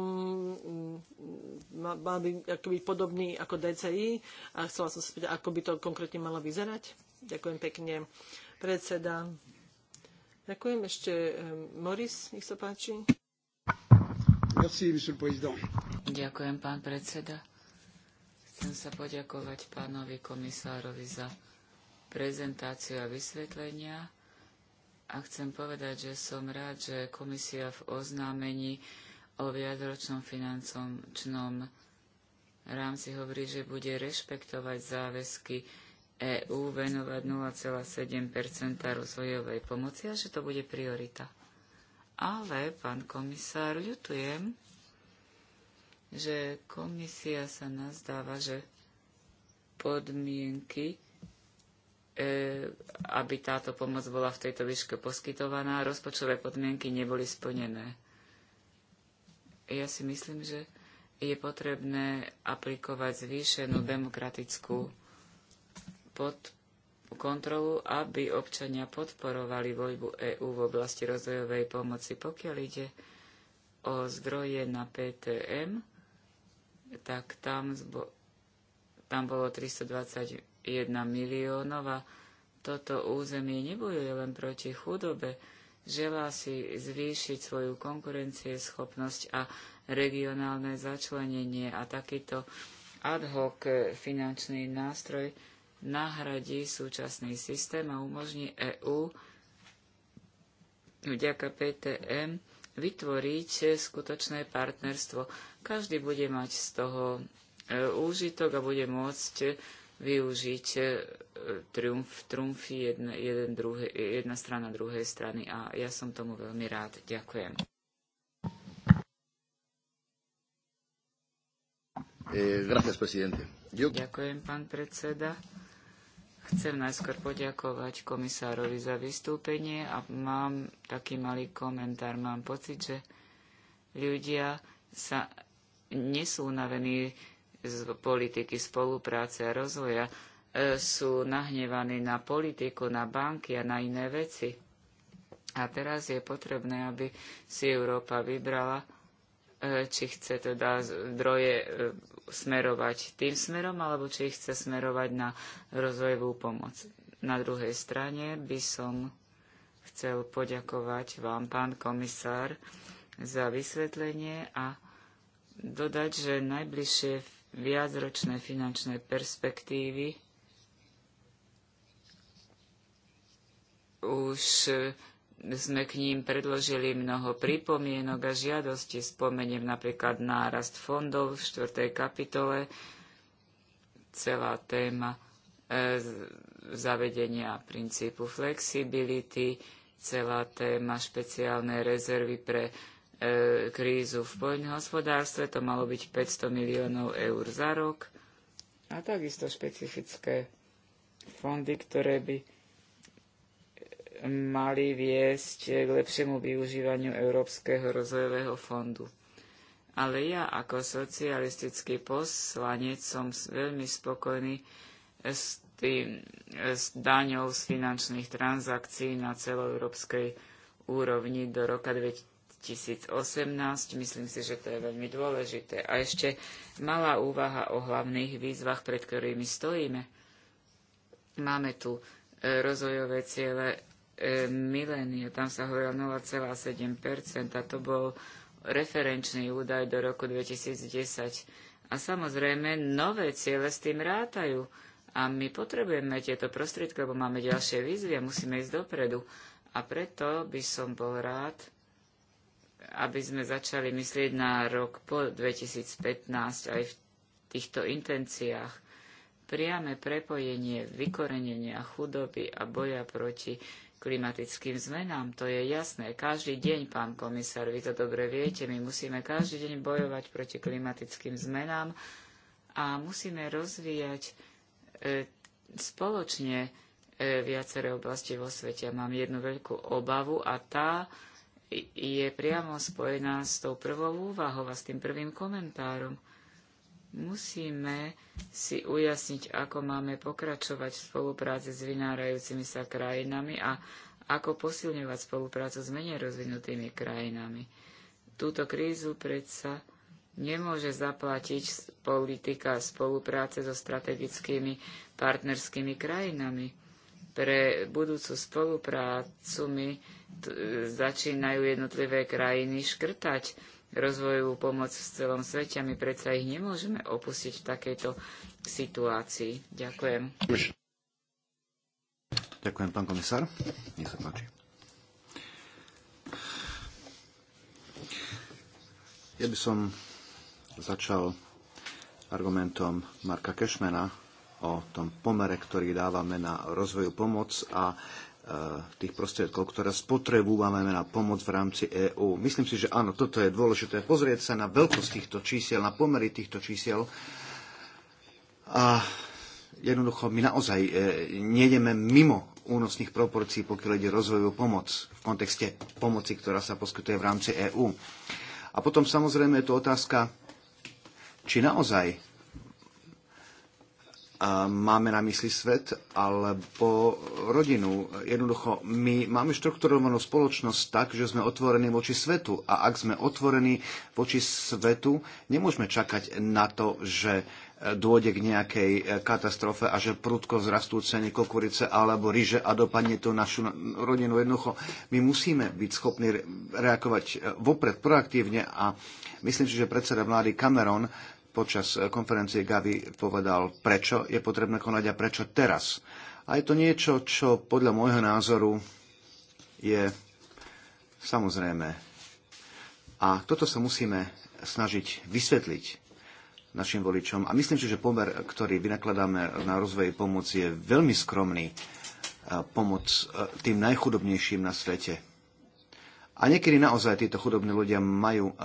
mal by byť podobný ako DCI a chcela som sa spýtať, ako by to konkrétne malo vyzerať. Ďakujem pekne. Predseda. Ďakujem ešte. E, Moris, nech sa páči. Ďakujem, pán predseda. Chcem sa poďakovať pánovi komisárovi za prezentáciu a vysvetlenia a chcem povedať, že som rád, že komisia v oznámení o viacročnom finančnom rámci hovorí, že bude rešpektovať záväzky EÚ venovať 0,7 rozvojovej pomoci a že to bude priorita. Ale, pán komisár, ľutujem, že komisia sa nazdáva, že podmienky, e, aby táto pomoc bola v tejto výške poskytovaná, rozpočtové podmienky neboli splnené. Ja si myslím, že je potrebné aplikovať zvýšenú demokratickú podporu kontrolu, aby občania podporovali voľbu EÚ v oblasti rozvojovej pomoci. Pokiaľ ide o zdroje na PTM, tak tam, zbo- tam bolo 321 miliónov a toto územie nebojuje len proti chudobe, želá si zvýšiť svoju konkurencieschopnosť a regionálne začlenenie a takýto ad hoc finančný nástroj nahradí súčasný systém a umožní EÚ vďaka PTM vytvoriť skutočné partnerstvo. Každý bude mať z toho e, úžitok a bude môcť využiť e, triumf, trumfy jedna, jeden druhé, jedna strana druhej strany a ja som tomu veľmi rád. Ďakujem. Eh, gracias, Ďakujem, pán predseda. Chcem najskôr poďakovať komisárovi za vystúpenie a mám taký malý komentár. Mám pocit, že ľudia sa nesú unavení z politiky spolupráce a rozvoja, e, sú nahnevaní na politiku, na banky a na iné veci. A teraz je potrebné, aby si Európa vybrala, e, či chce teda zdroje e, smerovať tým smerom, alebo či ich chce smerovať na rozvojovú pomoc. Na druhej strane by som chcel poďakovať vám, pán komisár, za vysvetlenie a dodať, že najbližšie viacročné finančné perspektívy už sme k ním predložili mnoho pripomienok a žiadosti. Spomeniem napríklad nárast fondov v štvrtej kapitole, celá téma e, zavedenia princípu flexibility, celá téma špeciálnej rezervy pre e, krízu v poľnohospodárstve, to malo byť 500 miliónov eur za rok, a takisto špecifické fondy, ktoré by mali viesť k lepšiemu využívaniu Európskeho rozvojového fondu. Ale ja ako socialistický poslanec som veľmi spokojný s, tým, s daňou z finančných transakcií na celoeurópskej úrovni do roka 2018. Myslím si, že to je veľmi dôležité. A ešte malá úvaha o hlavných výzvach, pred ktorými stojíme. Máme tu e, rozvojové ciele E, milénia, tam sa hovorilo 0,7%, a to bol referenčný údaj do roku 2010. A samozrejme, nové ciele s tým rátajú. A my potrebujeme tieto prostriedky, lebo máme ďalšie výzvy a musíme ísť dopredu. A preto by som bol rád, aby sme začali myslieť na rok po 2015 aj v týchto intenciách. Priame prepojenie vykorenenia chudoby a boja proti klimatickým zmenám. To je jasné. Každý deň, pán komisár, vy to dobre viete, my musíme každý deň bojovať proti klimatickým zmenám a musíme rozvíjať e, spoločne e, viaceré oblasti vo svete. mám jednu veľkú obavu a tá je priamo spojená s tou prvou úvahou a s tým prvým komentárom. Musíme si ujasniť, ako máme pokračovať v spolupráci s vynárajúcimi sa krajinami a ako posilňovať spoluprácu s menej rozvinutými krajinami. Túto krízu predsa nemôže zaplatiť politika spolupráce so strategickými partnerskými krajinami. Pre budúcu spoluprácu mi začínajú jednotlivé krajiny škrtať rozvojovú pomoc v celom svete a my predsa ich nemôžeme opustiť v takejto situácii. Ďakujem. Ďakujem, pán komisár. Nech sa páči. Ja by som začal argumentom Marka Kešmena o tom pomere, ktorý dávame na rozvoju pomoc a Eh, tých prostriedkov, ktoré spotrebujeme na pomoc v rámci EÚ. Myslím si, že áno, toto je dôležité. Pozrieť sa na veľkosť týchto čísiel, na pomery týchto čísiel. A jednoducho my naozaj e, nejdeme mimo únosných proporcií, pokiaľ ide rozvoju pomoc v kontexte pomoci, ktorá sa poskytuje v rámci EÚ. A potom samozrejme je tu otázka, či naozaj máme na mysli svet alebo rodinu. Jednoducho, my máme štrukturovanú spoločnosť tak, že sme otvorení voči svetu. A ak sme otvorení voči svetu, nemôžeme čakať na to, že dôjde k nejakej katastrofe a že prudko vzrastú ceny kukurice alebo ryže a dopadne to našu rodinu jednoducho. My musíme byť schopní reagovať vopred proaktívne a myslím si, že predseda vlády Cameron počas eh, konferencie Gavi povedal, prečo je potrebné konať a prečo teraz. A je to niečo, čo podľa môjho názoru je samozrejme. A toto sa musíme snažiť vysvetliť našim voličom. A myslím si, že pomer, ktorý vynakladáme na rozvoj pomoci, je veľmi skromný. Pomoc eh, tým najchudobnejším na svete a niekedy naozaj títo chudobní ľudia majú eh,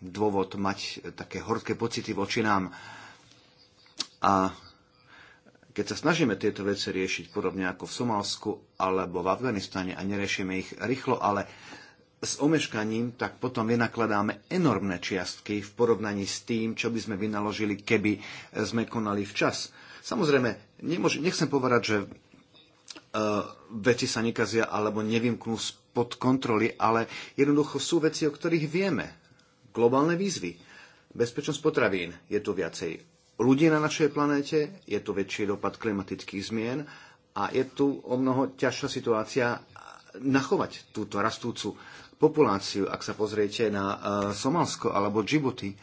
dôvod mať eh, také horké pocity voči nám. A keď sa snažíme tieto veci riešiť podobne ako v Somálsku alebo v Afganistane a neriešime ich rýchlo, ale s omeškaním, tak potom vynakladáme enormné čiastky v porovnaní s tým, čo by sme vynaložili, keby eh, sme konali včas. Samozrejme, nemôžem, nechcem povedať, že uh, veci sa nekazia alebo nevymknú z pod kontroly, ale jednoducho sú veci, o ktorých vieme. Globálne výzvy, bezpečnosť potravín, je tu viacej ľudí na našej planéte, je tu väčší dopad klimatických zmien a je tu o mnoho ťažšia situácia nachovať túto rastúcu populáciu, ak sa pozriete na uh, e, Somalsko alebo Džibuti, uh, e,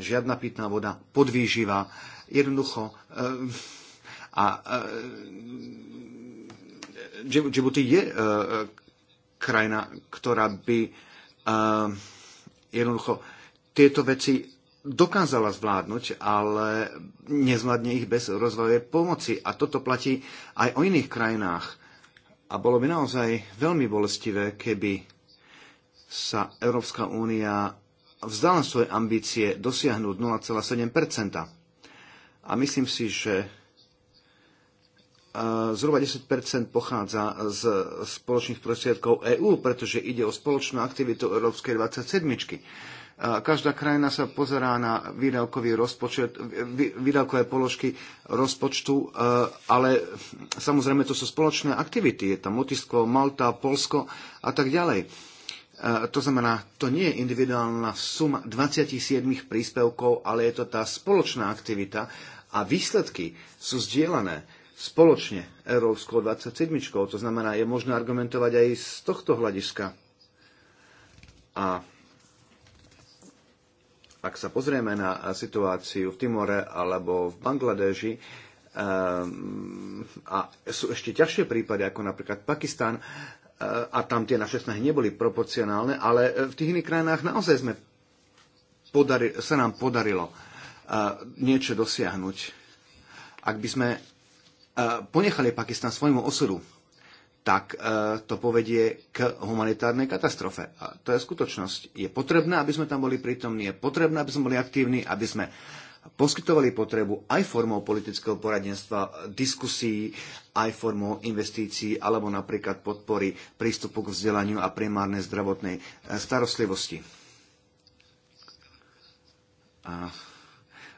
žiadna pitná voda, podvýživa, jednoducho. Uh, a uh, Džibuti je uh, krajina, ktorá by uh, jednoducho tieto veci dokázala zvládnuť, ale nezvládne ich bez rozvojovej pomoci. A toto platí aj o iných krajinách. A bolo by naozaj veľmi bolestivé, keby sa Európska únia vzdala svoje ambície dosiahnuť 0,7 A myslím si, že zhruba 10 pochádza z spoločných prostriedkov EÚ, pretože ide o spoločnú aktivitu Európskej 27. Každá krajina sa pozerá na výdavkový rozpočet, výdavkové položky rozpočtu, e, ale samozrejme to sú spoločné aktivity. Je tam Lotisko, Malta, Polsko a tak ďalej. E, to znamená, to nie je individuálna suma 27 príspevkov, ale je to tá spoločná aktivita a výsledky sú zdieľané spoločne Európskou 27. To znamená, je možné argumentovať aj z tohto hľadiska. A ak sa pozrieme na situáciu v Timore alebo v Bangladeži, ehm, a sú ešte ťažšie prípady, ako napríklad Pakistan, ehm, a tam tie naše snahy neboli proporcionálne, ale v tých iných krajinách naozaj sme podari- sa nám podarilo ehm, niečo dosiahnuť. Ak by sme ponechali Pakistan svojmu osudu, tak e, to povedie k humanitárnej katastrofe. A to je skutočnosť. Je potrebné, aby sme tam boli prítomní, je potrebné, aby sme boli aktívni, aby sme poskytovali potrebu aj formou politického poradenstva, diskusí, aj formou investícií alebo napríklad podpory prístupu k vzdelaniu a primárnej zdravotnej e, starostlivosti. A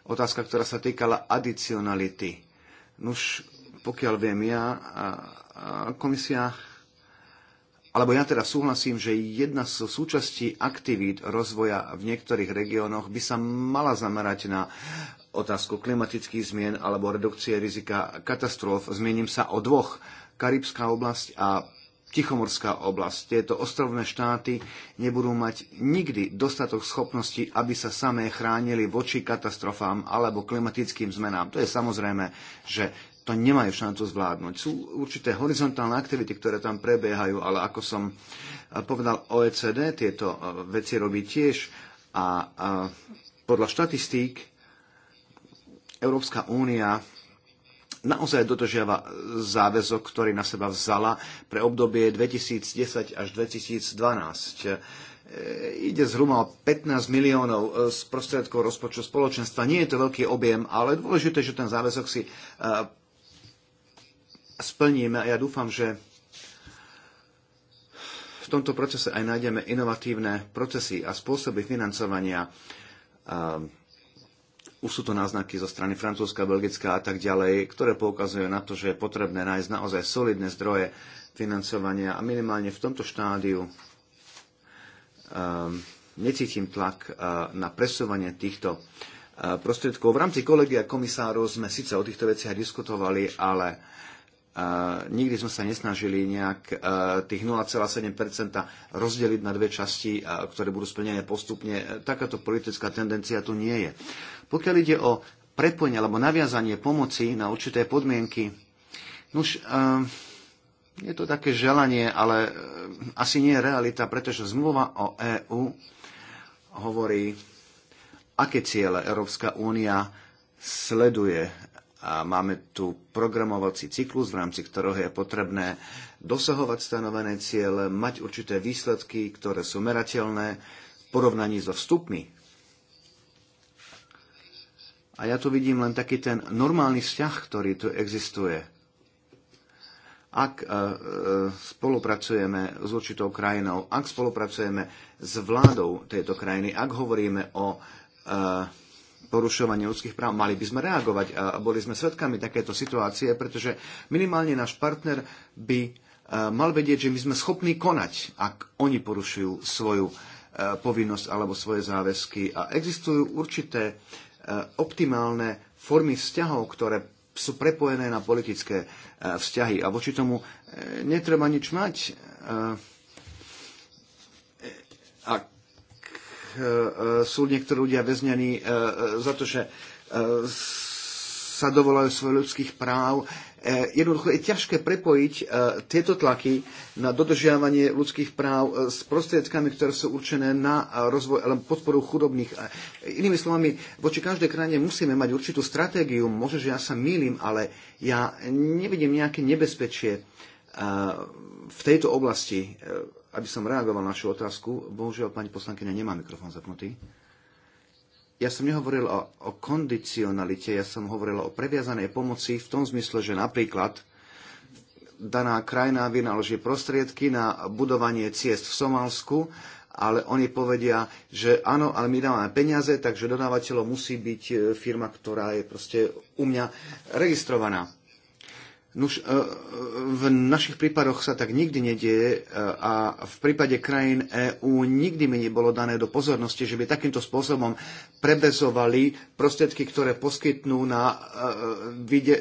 otázka, ktorá sa týkala adicionality. Nuž, pokiaľ viem ja, komisia, alebo ja teda súhlasím, že jedna z súčastí aktivít rozvoja v niektorých regiónoch by sa mala zamerať na otázku klimatických zmien alebo redukcie rizika katastrof. Zmiením sa o dvoch. Karibská oblasť a Tichomorská oblasť. Tieto ostrovné štáty nebudú mať nikdy dostatok schopností, aby sa samé chránili voči katastrofám alebo klimatickým zmenám. To je samozrejme, že to nemajú šancu zvládnuť. Sú určité horizontálne aktivity, ktoré tam prebiehajú, ale ako som eh, povedal, OECD tieto eh, veci robí tiež a, a eh, podľa štatistík Európska únia naozaj dodržiava záväzok, ktorý na seba vzala pre obdobie 2010 až 2012. Ide zhruba o 15 miliónov z prostriedkov rozpočtu spoločenstva. Nie je to veľký objem, ale dôležité, že ten záväzok si splníme a ja dúfam, že v tomto procese aj nájdeme inovatívne procesy a spôsoby financovania. Už sú to náznaky zo strany Francúzska, Belgická a tak ďalej, ktoré poukazujú na to, že je potrebné nájsť naozaj solidné zdroje financovania a minimálne v tomto štádiu um, necítim tlak uh, na presúvanie týchto uh, prostriedkov. V rámci kolegia komisárov sme síce o týchto veciach diskutovali, ale nikdy sme sa nesnažili nejak e, tých 0,7% rozdeliť na dve časti, e, ktoré budú splnené postupne. E, takáto politická tendencia tu nie je. Pokiaľ ide o prepojenie alebo naviazanie pomoci na určité podmienky, už je to také želanie, ale asi nie je realita, pretože zmluva o EÚ hovorí, aké ciele Európska únia sleduje a máme tu programovací cyklus, v rámci ktorého je potrebné dosahovať stanovené ciele, mať určité výsledky, ktoré sú merateľné v porovnaní so vstupmi. A ja tu vidím len taký ten normálny vzťah, ktorý tu existuje. Ak e, e, spolupracujeme s určitou krajinou, ak spolupracujeme s vládou tejto krajiny, ak hovoríme o e, porušovanie ľudských práv. Mali by sme reagovať a boli sme svedkami takéto situácie, pretože minimálne náš partner by e, mal vedieť, že my sme schopní konať, ak oni porušujú svoju e, povinnosť alebo svoje záväzky. A existujú určité e, optimálne formy vzťahov, ktoré sú prepojené na politické vzťahy. A voči tomu netreba nič mať. A E, e, sú niektorí ľudia väznení e, za to, že sa dovolajú svojich ľudských práv. Jednoducho je ťažké prepojiť tieto tlaky na dodržiavanie ľudských práv s prostriedkami, ktoré sú určené na rozvoj, alebo podporu chudobných. Inými slovami, voči každej krajine musíme mať určitú stratégiu. môže že ja sa mýlim, ale ja nevidím nejaké nebezpečie v tejto oblasti aby som reagoval na našu otázku, bohužiaľ pani poslankyňa nemá mikrofón zapnutý. Ja som nehovoril o, o kondicionalite, ja som hovoril o previazanej pomoci v tom zmysle, že napríklad daná krajina vynaloží prostriedky na budovanie ciest v Somálsku, ale oni povedia, že áno, ale my dávame peniaze, takže dodávateľom musí byť e, firma, ktorá je proste u mňa registrovaná. Nuž, e, e, v našich prípadoch sa tak nikdy nedieje e, a v prípade krajín EÚ nikdy mi nebolo dané do pozornosti, že by takýmto spôsobom prebezovali prostriedky, ktoré poskytnú na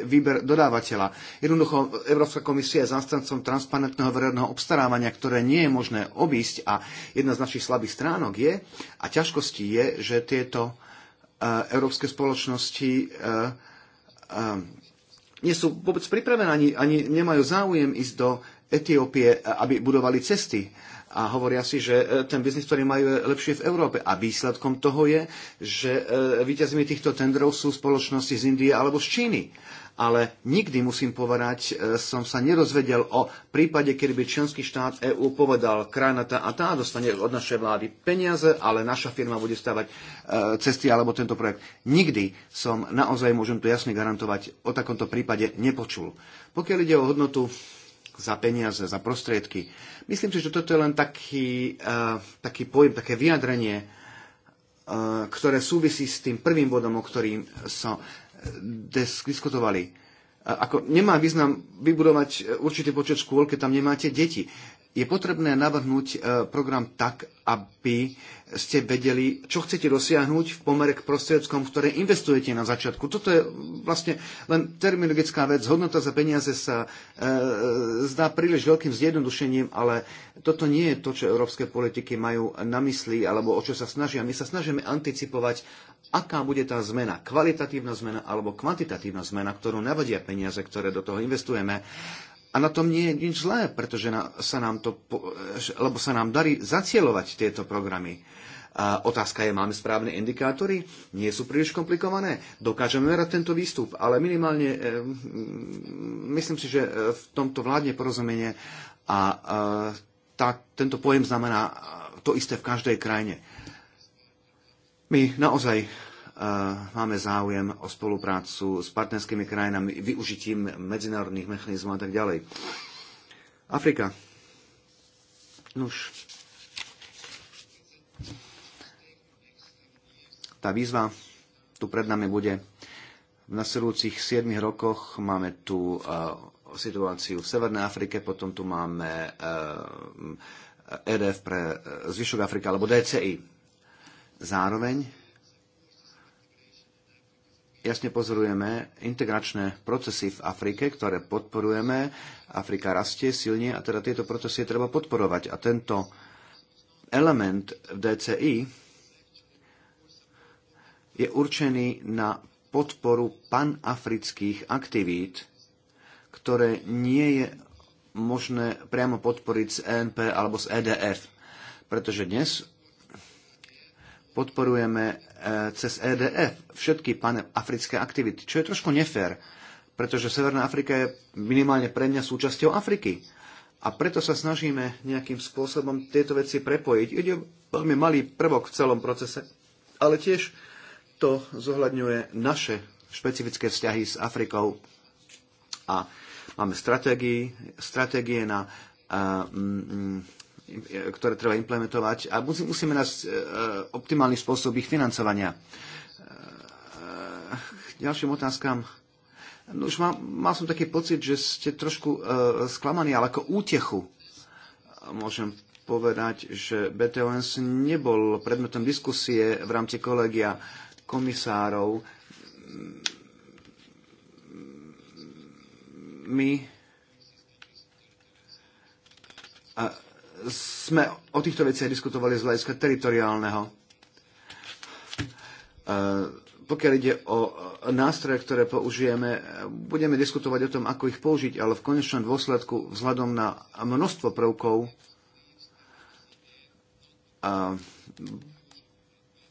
výber dodávateľa. Jednoducho, Európska komisia je zastancom transparentného verejného obstarávania, ktoré nie je možné obísť a jedna z našich slabých stránok je a ťažkosti je, že tieto európske spoločnosti nie sú vôbec pripravené, ani, ani nemajú záujem ísť do Etiópie, e, aby budovali cesty. A hovoria si, že e, ten biznis, ktorý majú, je lepšie v Európe. A výsledkom toho je, že e, víťazmi týchto tendrov sú spoločnosti z Indie alebo z Číny ale nikdy, musím povedať, e, som sa nerozvedel o prípade, kedy by členský štát EÚ povedal, krajina tá a tá dostane od našej vlády peniaze, ale naša firma bude stavať e, cesty alebo tento projekt. Nikdy som naozaj, môžem to jasne garantovať, o takomto prípade nepočul. Pokiaľ ide o hodnotu za peniaze, za prostriedky. Myslím si, že toto je len taký, e, taký pojem, také vyjadrenie, ktoré súvisí s tým prvým bodom, o ktorým som diskutovali. Ako nemá význam vybudovať eh, určitý počet škôl, keď tam nemáte deti je potrebné navrhnúť e, program tak, aby ste vedeli, čo chcete dosiahnuť v pomere k prostriedkom, v ktoré investujete na začiatku. Toto je vlastne len terminologická vec. Hodnota za peniaze sa e, zdá príliš veľkým zjednodušením, ale toto nie je to, čo európske politiky majú na mysli alebo o čo sa snažia. My sa snažíme anticipovať, aká bude tá zmena, kvalitatívna zmena alebo kvantitatívna zmena, ktorú navodia peniaze, ktoré do toho investujeme. A na tom nie je nič zlé, pretože sa nám to, lebo sa nám darí zacielovať tieto programy. A otázka je, máme správne indikátory? Nie sú príliš komplikované? Dokážeme merať tento výstup, ale minimálne e, myslím si, že e, v tomto vládne porozumenie a a e, tá, tento pojem znamená to isté v každej krajine. My naozaj Eh, máme záujem o spoluprácu s partnerskými krajinami, využitím medzinárodných mechanizmov a tak ďalej. Afrika. Nuž. Tá výzva tu pred nami bude. V nasledujúcich 7 rokoch máme tu eh, situáciu v Severnej Afrike, potom tu máme EDF eh, e pre zvyšok Afrika, alebo DCI. Zároveň jasne pozorujeme integračné procesy v Afrike, ktoré podporujeme. Afrika rastie silne a teda tieto procesy je treba podporovať. A tento element v DCI je určený na podporu panafrických aktivít, ktoré nie je možné priamo podporiť z ENP alebo z EDF. Pretože dnes podporujeme Eh, cez EDF všetky panafrické aktivity, čo je trošku nefér, pretože Severná Afrika je minimálne pre mňa súčasťou Afriky. A preto sa snažíme nejakým spôsobom tieto veci prepojiť. Ide veľmi malý prvok v celom procese, ale tiež to zohľadňuje naše špecifické vzťahy s Afrikou. A máme stratégie, na eh, ktoré treba implementovať a musíme nájsť e, optimálny spôsob ich financovania. K e, e, ďalším otázkam. No už mal, mal som taký pocit, že ste trošku uh, sklamaní, ale ako útechu môžem povedať, že BTONS nebol predmetom diskusie v rámci kolegia komisárov. My sme o týchto veciach diskutovali z hľadiska teritoriálneho. E, pokiaľ ide o nástroje, ktoré použijeme, e, budeme diskutovať o tom, ako ich použiť, ale v konečnom dôsledku vzhľadom na množstvo prvkov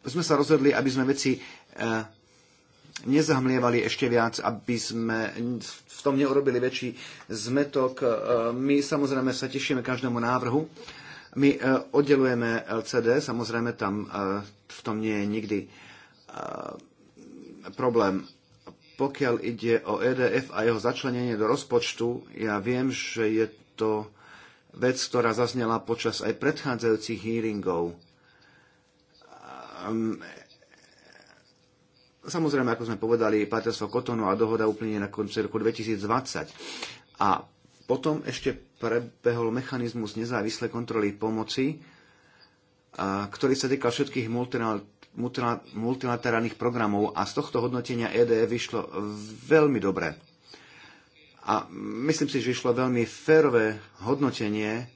sme sa rozhodli, aby sme veci e, nezahmlievali ešte viac, aby sme v tom neurobili väčší zmetok. E, my samozrejme sa tešíme každému návrhu. My e, oddelujeme LCD, samozrejme tam e, v tom nie je nikdy problém. Pokiaľ ide o EDF a jeho začlenenie do rozpočtu, ja viem, že je to vec, ktorá zaznela počas aj predchádzajúcich hearingov ehm, Samozrejme, ako sme povedali, partnerstvo Kotonu a dohoda uplynie na konci roku 2020. A potom ešte prebehol mechanizmus nezávislej kontroly pomoci, ktorý sa týkal všetkých multilaterálnych programov a z tohto hodnotenia EDE vyšlo veľmi dobre. A myslím si, že išlo veľmi férové hodnotenie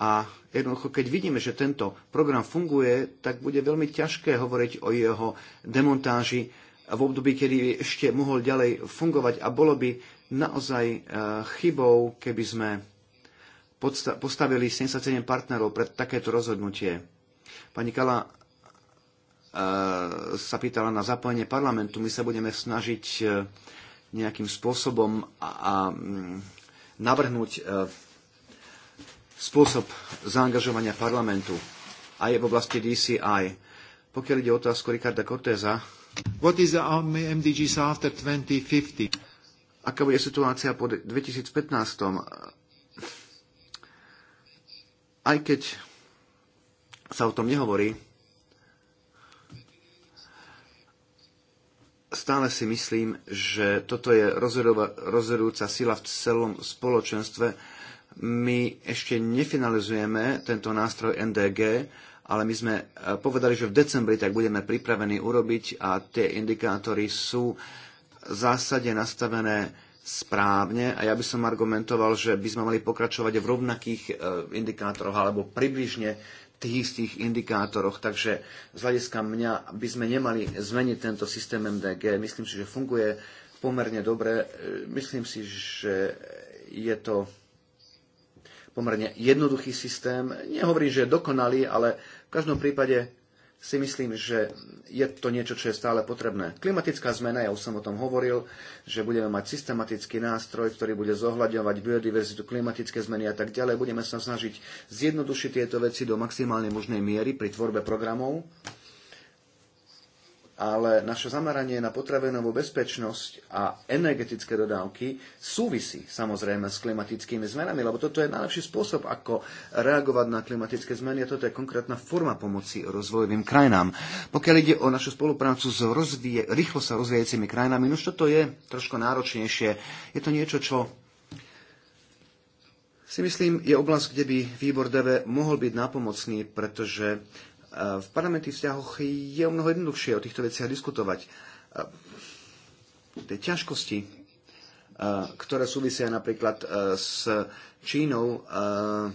a jednoducho, keď vidíme, že tento program funguje, tak bude veľmi ťažké hovoriť o jeho demontáži v období, kedy ešte mohol ďalej fungovať a bolo by naozaj e, chybou, keby sme postavili 77 partnerov pred takéto rozhodnutie. Pani Kala e, sa pýtala na zapojenie parlamentu. My sa budeme snažiť e, nejakým spôsobom a, a navrhnúť spôsob zaangažovania parlamentu aj v oblasti DCI. Pokiaľ ide o otázku Ricarda Corteza, What is the MDGs after 2050? Aká bude situácia po 2015? Aj keď sa o tom nehovorí, stále si myslím, že toto je rozhodujúca sila v celom spoločenstve, my ešte nefinalizujeme tento nástroj NDG, ale my sme eh, povedali, že v decembri tak budeme pripravení urobiť a tie indikátory sú v zásade nastavené správne a ja by som argumentoval, že by sme mali pokračovať v rovnakých eh, indikátoroch alebo približne tých istých indikátoroch. Takže z hľadiska mňa by sme nemali zmeniť tento systém MDG. Myslím si, že funguje pomerne dobre. Eh, myslím si, že je to pomerne jednoduchý systém. Nehovorím, že je dokonalý, ale v každom prípade si myslím, že je to niečo, čo je stále potrebné. Klimatická zmena, ja už som o tom hovoril, že budeme mať systematický nástroj, ktorý bude zohľadňovať biodiverzitu, klimatické zmeny a tak ďalej. Budeme sa snažiť zjednodušiť tieto veci do maximálnej možnej miery pri tvorbe programov ale naše zameranie na potravinovú bezpečnosť a energetické dodávky súvisí samozrejme s klimatickými zmenami, lebo toto je najlepší spôsob, ako reagovať na klimatické zmeny a toto je konkrétna forma pomoci rozvojovým krajinám. Pokiaľ ide o našu spoluprácu s rozvie, rýchlo sa rozvíjajúcimi krajinami, no toto je trošku náročnejšie. Je to niečo, čo si myslím, je oblasť, kde by výbor DV mohol byť nápomocný, pretože v parlamentných vzťahoch je o mnoho jednoduchšie o týchto veciach diskutovať. Tie ťažkosti, eh, ktoré súvisia napríklad eh, s Čínou, eh,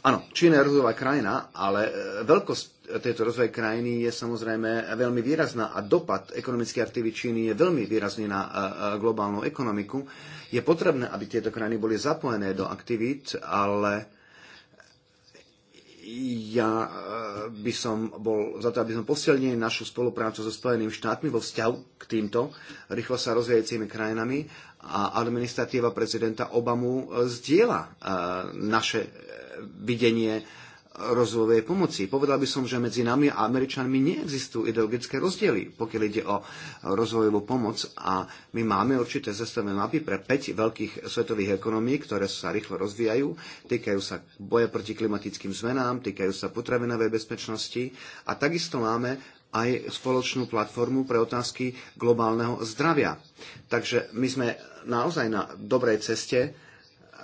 áno, Čína je rozvojová krajina, ale veľkosť tejto rozvojovej krajiny je samozrejme veľmi výrazná a dopad ekonomických aktivít Číny je veľmi výrazný na globálnu ekonomiku. Je potrebné, aby tieto krajiny boli zapojené do aktivít, ale ja eh, by som bol za to, aby sme posilnili našu spoluprácu so Spojenými štátmi vo vzťahu k týmto rýchlo sa rozvíjajúcimi krajinami a administratíva prezidenta Obamu eh, zdieľa eh, naše videnie rozvojovej pomoci. Povedal by som, že medzi nami a Američanmi neexistujú ideologické rozdiely, pokiaľ ide o rozvojovú pomoc a my máme určité zestavné mapy pre 5 veľkých svetových ekonomí, ktoré sa rýchlo rozvíjajú, týkajú sa boja proti klimatickým zmenám, týkajú sa potravinovej bezpečnosti a takisto máme aj spoločnú platformu pre otázky globálneho zdravia. Takže my sme naozaj na dobrej ceste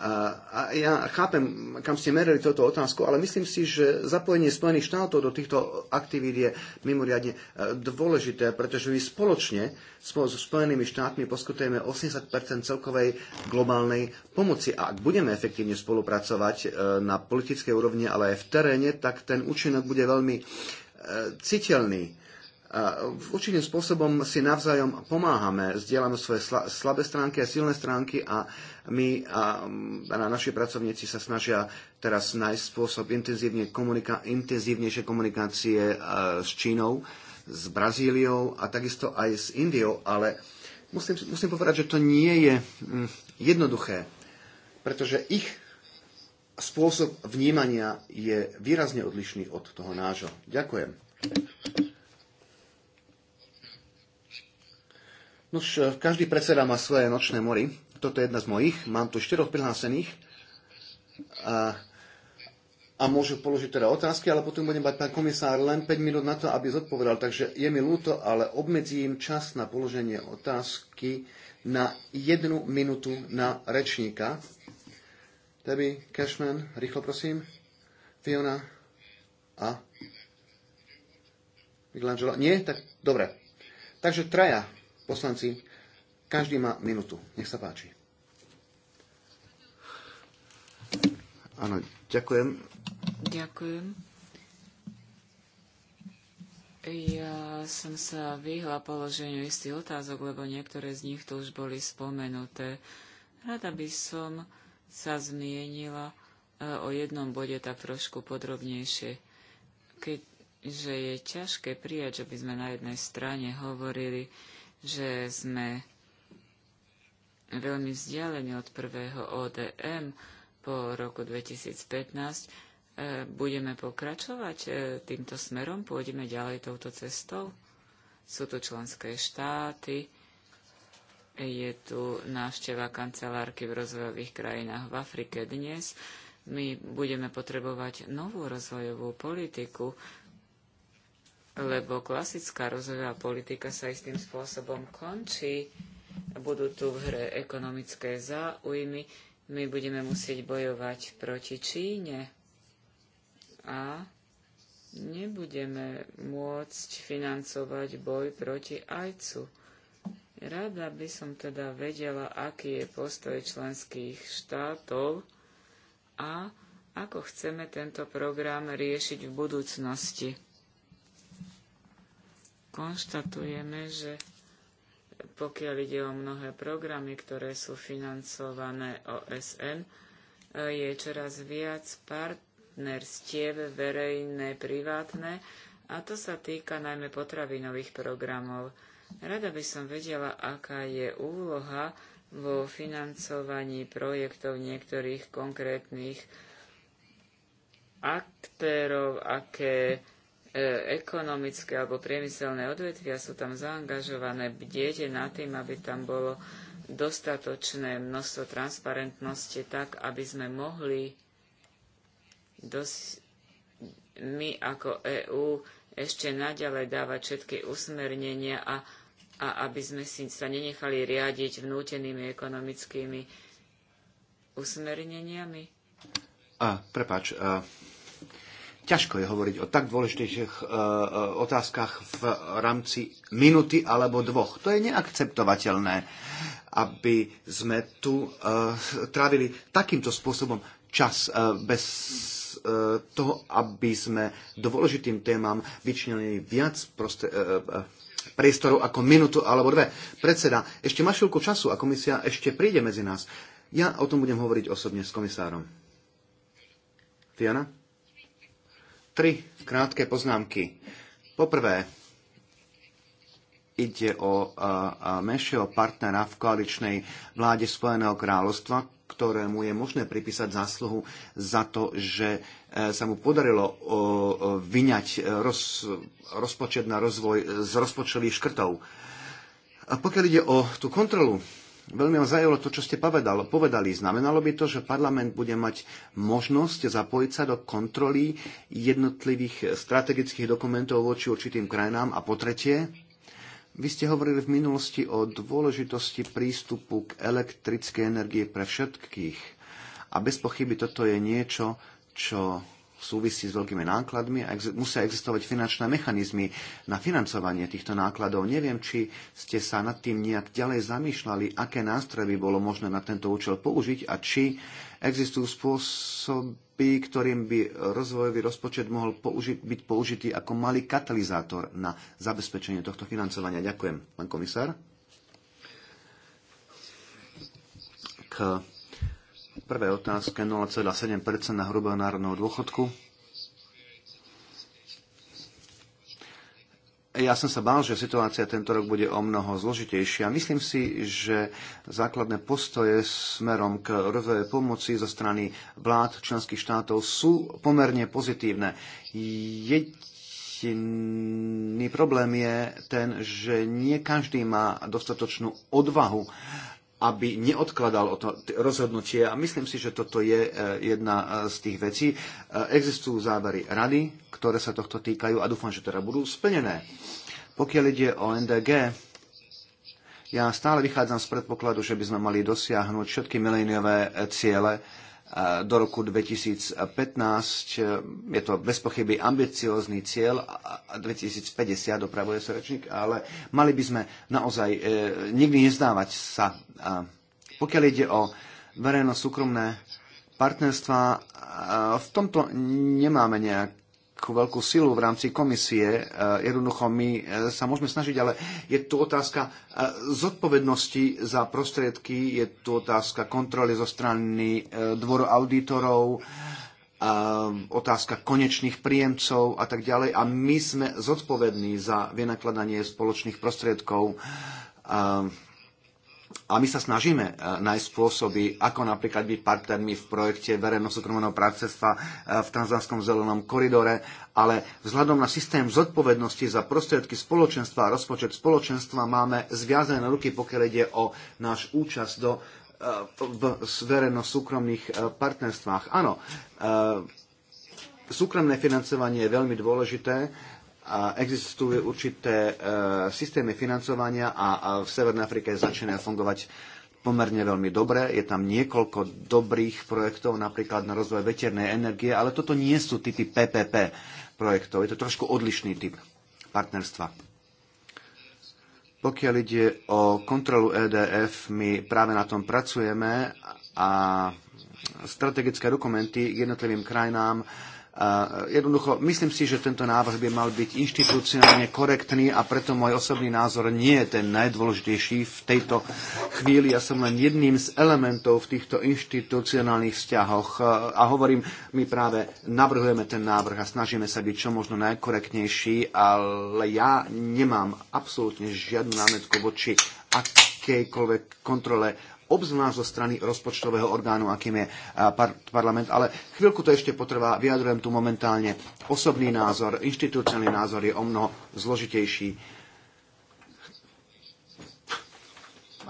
a ja chápem, kam ste merili toto otázku, ale myslím si, že zapojenie Spojených štátov do týchto aktivít je mimoriadne e, dôležité, pretože my spoločne spolu so Spojenými štátmi poskytujeme 80 celkovej globálnej pomoci. A ak budeme efektívne spolupracovať e, na politickej úrovni, ale aj v teréne, tak ten účinok bude veľmi e, citeľný určitým spôsobom si navzájom pomáhame, zdieľame svoje slabé stránky a silné stránky a my a, a naši pracovníci sa snažia teraz nájsť spôsob intenzívne komunika- intenzívnejšie komunikácie s Čínou, s Brazíliou a takisto aj s Indiou, ale musím, musím povedať, že to nie je hm, jednoduché, pretože ich spôsob vnímania je výrazne odlišný od toho nášho. Ďakujem. Nož, e, každý predseda má svoje nočné mory. Toto je jedna z mojich. Mám tu štyroch prihlásených. A, a môžu položiť teda otázky, ale potom budem mať pán komisár len 5 minút na to, aby zodpovedal. Takže je mi ľúto, ale obmedzím čas na položenie otázky na jednu minútu na rečníka. Debbie Cashman, rýchlo prosím. Fiona a Michelangelo. Nie? Tak dobre. Takže traja poslanci. Každý má minútu. Nech sa páči. Áno, ďakujem. Ďakujem. Ja som sa vyhla položeniu istých otázok, lebo niektoré z nich tu už boli spomenuté. Rada by som sa zmienila e, o jednom bode tak trošku podrobnejšie. Keďže je ťažké prijať, že by sme na jednej strane hovorili že sme veľmi vzdialení od prvého ODM po roku 2015. E, budeme pokračovať e, týmto smerom, pôjdeme ďalej touto cestou. Sú tu členské štáty, je tu návšteva kancelárky v rozvojových krajinách v Afrike dnes. My budeme potrebovať novú rozvojovú politiku, lebo klasická rozvojová politika sa istým spôsobom končí. Budú tu v hre ekonomické záujmy. My budeme musieť bojovať proti Číne a nebudeme môcť financovať boj proti ajcu. Rada by som teda vedela, aký je postoj členských štátov a ako chceme tento program riešiť v budúcnosti konštatujeme, že pokiaľ ide o mnohé programy, ktoré sú financované OSN, je čoraz viac partnerstiev verejné, privátne a to sa týka najmä potravinových programov. Rada by som vedela, aká je úloha vo financovaní projektov niektorých konkrétnych aktérov, aké E, ekonomické alebo priemyselné odvetvia sú tam zaangažované, bdiete nad tým, aby tam bolo dostatočné množstvo transparentnosti tak, aby sme mohli dos- my ako EÚ ešte naďalej dávať všetky usmernenia a, a aby sme si sa nenechali riadiť vnútenými ekonomickými usmerneniami. A, Ťažko je hovoriť o tak dôležitejších e, e, otázkach v rámci minuty alebo dvoch. To je neakceptovateľné, aby sme tu e, trávili takýmto spôsobom čas bez toho, aby sme dôležitým témam vyčnili viac proste, priestorov ako minutu alebo dve. Predseda, ešte máš chvíľku času a komisia ešte príde medzi nás. Ja o tom budem hovoriť osobne s komisárom. Tiana? Tri krátke poznámky. Poprvé, ide o menšieho partnera v koaličnej vláde Spojeného kráľovstva, ktorému je možné pripísať zásluhu za to, že e, sa mu podarilo vyňať roz, rozpočet na rozvoj z rozpočtových škrtov. A pokiaľ ide o tú kontrolu Veľmi ma zajalo to, čo ste povedal, povedali. Znamenalo by to, že parlament bude mať možnosť zapojiť sa do kontroly jednotlivých strategických dokumentov voči určitým krajinám. A po tretie, vy ste hovorili v minulosti o dôležitosti prístupu k elektrickej energie pre všetkých. A bez pochyby toto je niečo, čo súvisí s veľkými nákladmi a ex- musia existovať finančné mechanizmy na financovanie týchto nákladov. Neviem, či ste sa nad tým nejak ďalej zamýšľali, aké nástroje by bolo možné na tento účel použiť a či existujú spôsoby, ktorým by rozvojový rozpočet mohol použi- byť použitý ako malý katalizátor na zabezpečenie tohto financovania. Ďakujem, pán komisár. K Prvé otázke 0,7 na hrubého národného dôchodku. Ja som sa bál, že situácia tento rok bude o mnoho zložitejšia. Myslím si, že základné postoje smerom k rozvoju pomoci zo strany vlád členských štátov sú pomerne pozitívne. Jediný problém je ten, že nie každý má dostatočnú odvahu aby neodkladal o to rozhodnutie. A myslím si, že toto je e, jedna e, z tých vecí. E, existujú závery rady, ktoré sa tohto týkajú a dúfam, že teda budú splnené. Pokiaľ ide o NDG, ja stále vychádzam z predpokladu, že by sme mali dosiahnuť všetky miléniové ciele do roku 2015. Eh, je to bez pochyby ambiciózny cieľ, 2050 opravuje sa rečník, ale mali by sme naozaj eh, nikdy nezdávať sa. Pokiaľ ide o verejno-súkromné partnerstva, eh, v tomto nemáme nejak takú veľkú silu v rámci komisie. E, jednoducho my e, sa môžeme snažiť, ale je tu otázka e, zodpovednosti za prostriedky, je tu otázka kontroly zo strany dvoru auditorov, otázka konečných príjemcov a tak ďalej. A my sme zodpovední za vynakladanie spoločných prostriedkov. A my sa snažíme e, nájsť spôsoby, ako napríklad byť partnermi v projekte verejno-súkromného partnerstva e, v Tranzánskom zelenom koridore, ale vzhľadom na systém zodpovednosti za prostriedky spoločenstva a rozpočet spoločenstva máme zviazané ruky, pokiaľ ide o náš účasť do, e, v verejno-súkromných partnerstvách. Áno, súkromné financovanie je veľmi dôležité, a existujú určité e, systémy financovania a, a v Severnej Afrike začína fungovať pomerne veľmi dobre. Je tam niekoľko dobrých projektov, napríklad na rozvoj veternej energie, ale toto nie sú typy PPP projektov. Je to trošku odlišný typ partnerstva. Pokiaľ ide o kontrolu EDF, my práve na tom pracujeme a strategické dokumenty k jednotlivým krajinám E, jednoducho, myslím si, že tento návrh by mal byť inštitucionálne korektný a preto môj osobný názor nie je ten najdôležitejší v tejto chvíli. Ja som len jedným z elementov v týchto inštitucionálnych vzťahoch e, a hovorím, my práve navrhujeme ten návrh a snažíme sa byť čo možno najkorektnejší, ale ja nemám absolútne žiadnu námetku voči akejkoľvek kontrole obzvlášť zo strany rozpočtového orgánu, akým je par- parlament. Ale chvíľku to ešte potrvá. Vyjadrujem tu momentálne osobný názor. Inštitúciálny názor je o mnoho zložitejší.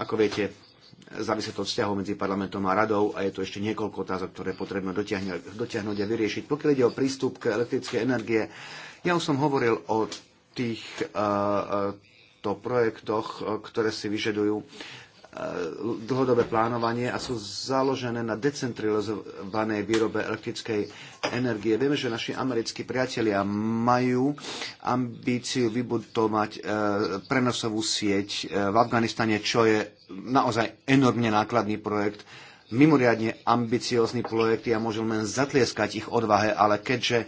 Ako viete, závisí to od vzťahov medzi parlamentom a radou a je tu ešte niekoľko otázok, ktoré potrebujeme dotiahnuť, a vyriešiť. Pokiaľ ide o prístup k elektrickej energie, ja už som hovoril o tých uh, to projektoch, ktoré si vyžadujú E, dlhodobé plánovanie a sú založené na decentralizovanej výrobe elektrickej energie. Vieme, že naši americkí priatelia majú ambíciu vybudovať e, prenosovú sieť e, v Afganistane, čo je naozaj enormne nákladný projekt mimoriadne ambiciózny projekt a môžem len zatlieskať ich odvahe, ale keďže e,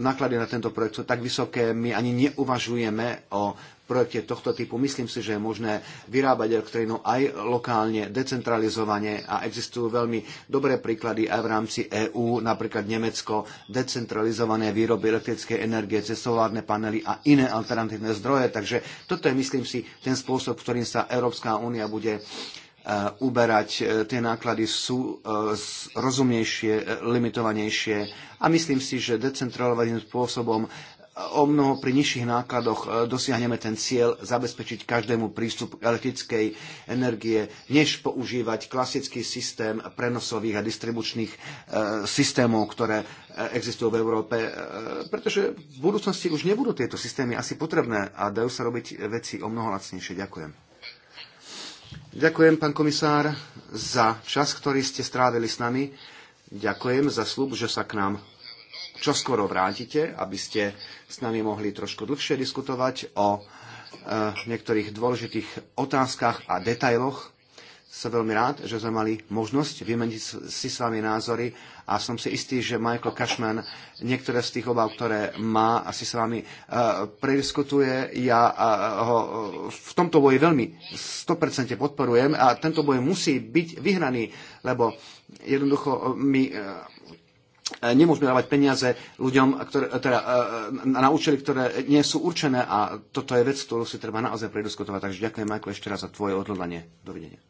náklady na tento projekt sú tak vysoké, my ani neuvažujeme o projekte tohto typu myslím si, že je možné vyrábať elektrínu aj lokálne, decentralizovane a existujú veľmi dobré príklady aj v rámci EÚ, napríklad Nemecko, decentralizované výroby elektrickej energie cez solárne panely a iné alternatívne zdroje. Takže toto je, myslím si, ten spôsob, ktorým sa Európska únia bude e, uberať. E, tie náklady sú e, rozumnejšie, limitovanejšie a myslím si, že decentralovaným spôsobom o mnoho pri nižších nákladoch e, dosiahneme ten cieľ zabezpečiť každému prístup k elektrickej energie, než používať klasický systém prenosových a distribučných e, systémov, ktoré e, existujú v Európe, pretože v budúcnosti už nebudú tieto systémy asi potrebné a dajú sa robiť veci o mnoho lacnejšie. Ďakujem. Ďakujem, pán komisár, za čas, ktorý ste strávili s nami. Ďakujem za slub, že sa k nám čoskoro vrátite, aby ste s nami mohli trošku dlhšie diskutovať o e, niektorých dôležitých otázkach a detailoch. Som veľmi rád, že sme mali možnosť vymeniť si s vami názory a som si istý, že Michael Cashman niektoré z tých obav, ktoré má, asi s vami e, prediskutuje. Ja e, ho v tomto boji veľmi 100% podporujem a tento boj musí byť vyhraný, lebo jednoducho my E, nemôžeme dávať peniaze ľuďom, ktoré, e, teda, e, na účely, ktoré nie sú určené a toto je vec, ktorú si treba naozaj prediskutovať. Takže ďakujem, Michael, ešte raz za tvoje odhodlanie. Dovidenia.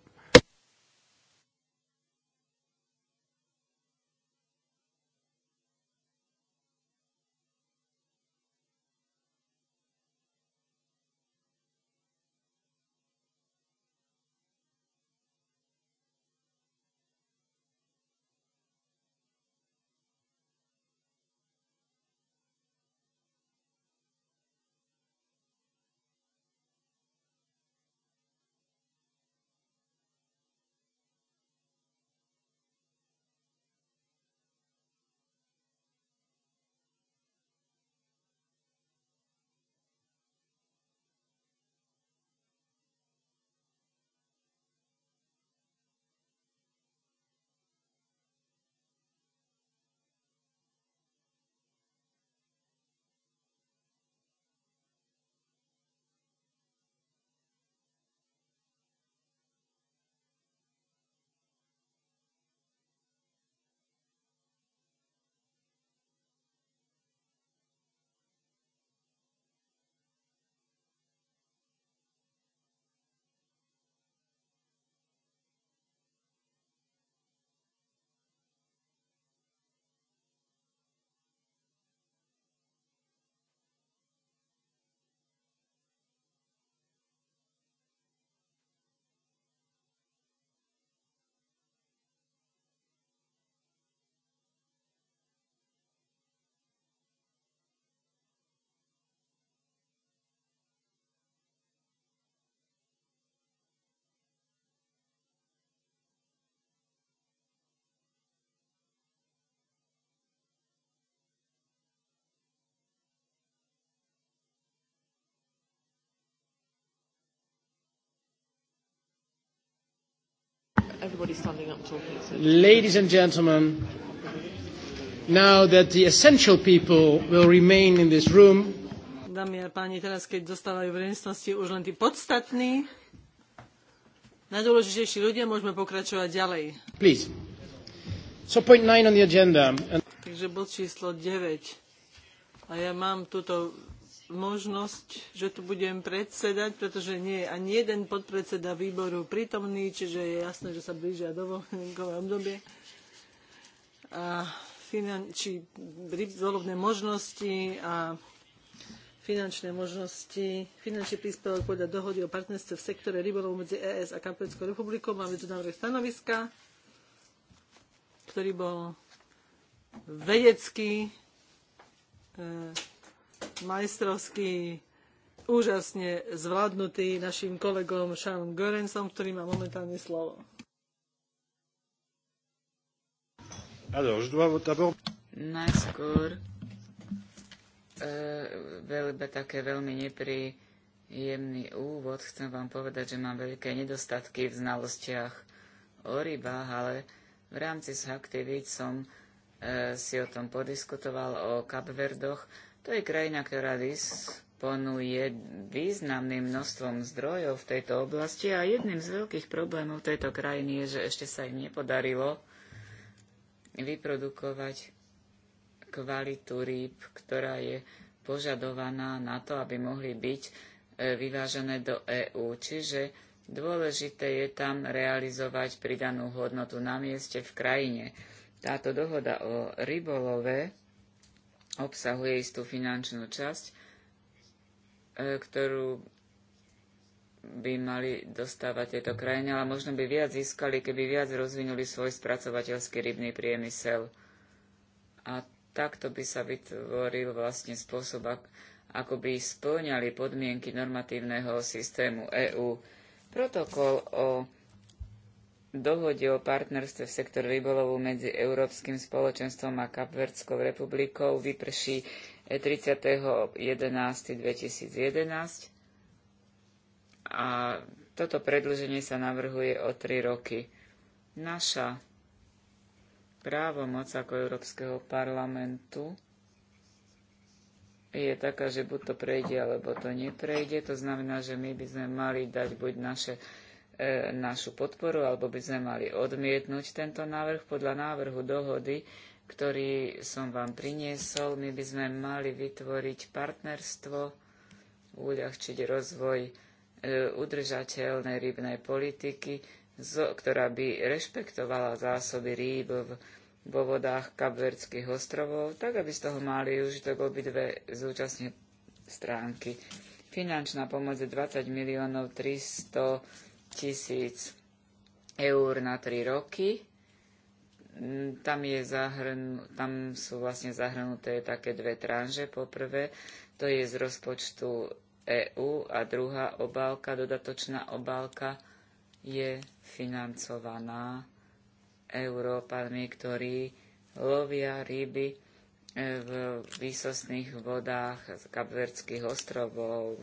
Everybody's standing up talking. So. Ladies and gentlemen, now that the essential people will remain in this room. Dámy a páni, teraz keď zostávajú v miestnosti už len tí podstatní, najdôležitejší ľudia, môžeme pokračovať ďalej. Please. So point nine on the agenda. And... Takže bod číslo 9. A ja mám túto možnosť, že tu budem predsedať, pretože nie je ani jeden podpredseda výboru prítomný, čiže je jasné, že sa blížia dovolenkové obdobie. A finanči, dolovné možnosti a finančné možnosti, finančný príspevok podľa dohody o partnerstve v sektore rybolov medzi ES a Kampeckou republikou. Máme tu návrh stanoviska, ktorý bol vedecký, e, majstrovský úžasne zvládnutý našim kolegom Seanom Görensom, ktorý má momentálne slovo. Najskôr e, veľmi, také veľmi nepríjemný úvod. Chcem vám povedať, že mám veľké nedostatky v znalostiach o rybách, ale v rámci aktivít som e, si o tom podiskutoval, o Kapverdoch, to je krajina, ktorá disponuje významným množstvom zdrojov v tejto oblasti a jedným z veľkých problémov tejto krajiny je, že ešte sa im nepodarilo vyprodukovať kvalitu rýb, ktorá je požadovaná na to, aby mohli byť e, vyvážené do EÚ. Čiže dôležité je tam realizovať pridanú hodnotu na mieste v krajine. Táto dohoda o rybolove obsahuje istú finančnú časť, e, ktorú by mali dostávať tieto krajiny, ale možno by viac získali, keby viac rozvinuli svoj spracovateľský rybný priemysel. A takto by sa vytvoril vlastne spôsob, ako by splňali podmienky normatívneho systému EÚ. Protokol o dohode o partnerstve v sektore rybolovu medzi Európskym spoločenstvom a Kapverdskou republikou vyprší 30.11.2011 eh, a toto predlženie sa navrhuje o 3 roky. Naša právomoc ako Európskeho parlamentu je taká, že buď to prejde, alebo to neprejde. To znamená, že my by sme mali dať buď naše E, našu podporu, alebo by sme mali odmietnúť tento návrh. Podľa návrhu dohody, ktorý som vám priniesol, my by sme mali vytvoriť partnerstvo, uľahčiť rozvoj e, udržateľnej rybnej politiky, ktorá by rešpektovala zásoby rýb v, vo vodách Kapverdských ostrovov, tak aby z toho mali užitok obidve zúčastne stránky. Finančná pomoc je 20 miliónov 300 tisíc eur na 3 roky. Mm, tam, je zahrn, tam sú vlastne zahrnuté také dve tranže. Poprvé, to je z rozpočtu EÚ a druhá obálka, dodatočná obálka je financovaná Európami, ktorí lovia ryby e, v výsostných vodách z Kapverských ostrovov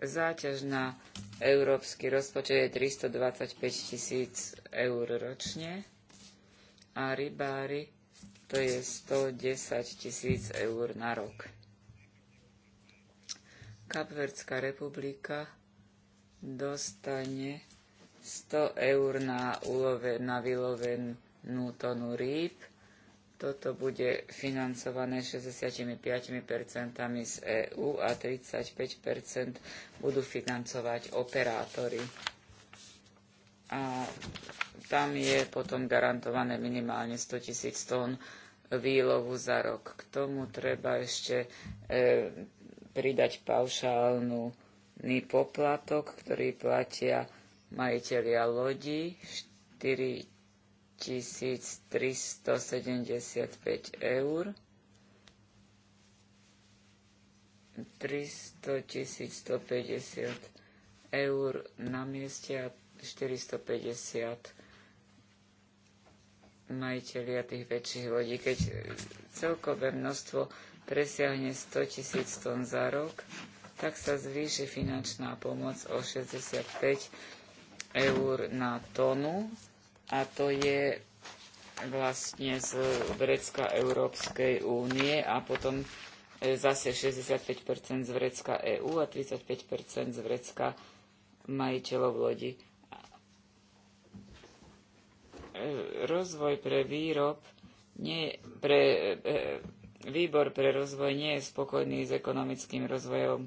Záťaž na európsky rozpočet je 325 tisíc eur ročne a rybári to je 110 tisíc eur na rok. Kapverdská republika dostane 100 eur na, ulove, na vylovenú tonu rýb toto bude financované 65% z EÚ a 35% budú financovať operátory. A tam je potom garantované minimálne 100 tisíc tón výlovu za rok. K tomu treba ešte e, pridať paušálny poplatok, ktorý platia majiteľia lodí 4 1375 eur, 300 150 eur na mieste a 450 majiteľia tých väčších lodí. Keď celkové množstvo presiahne 100 tisíc tón za rok, tak sa zvýši finančná pomoc o 65 eur na tonu a to je vlastne z vrecka Európskej únie a potom e, zase 65% z vrecka EÚ a 35% z vrecka majiteľov lodi. E, rozvoj pre výrob, nie, pre, e, výbor pre rozvoj nie je spokojný s ekonomickým rozvojom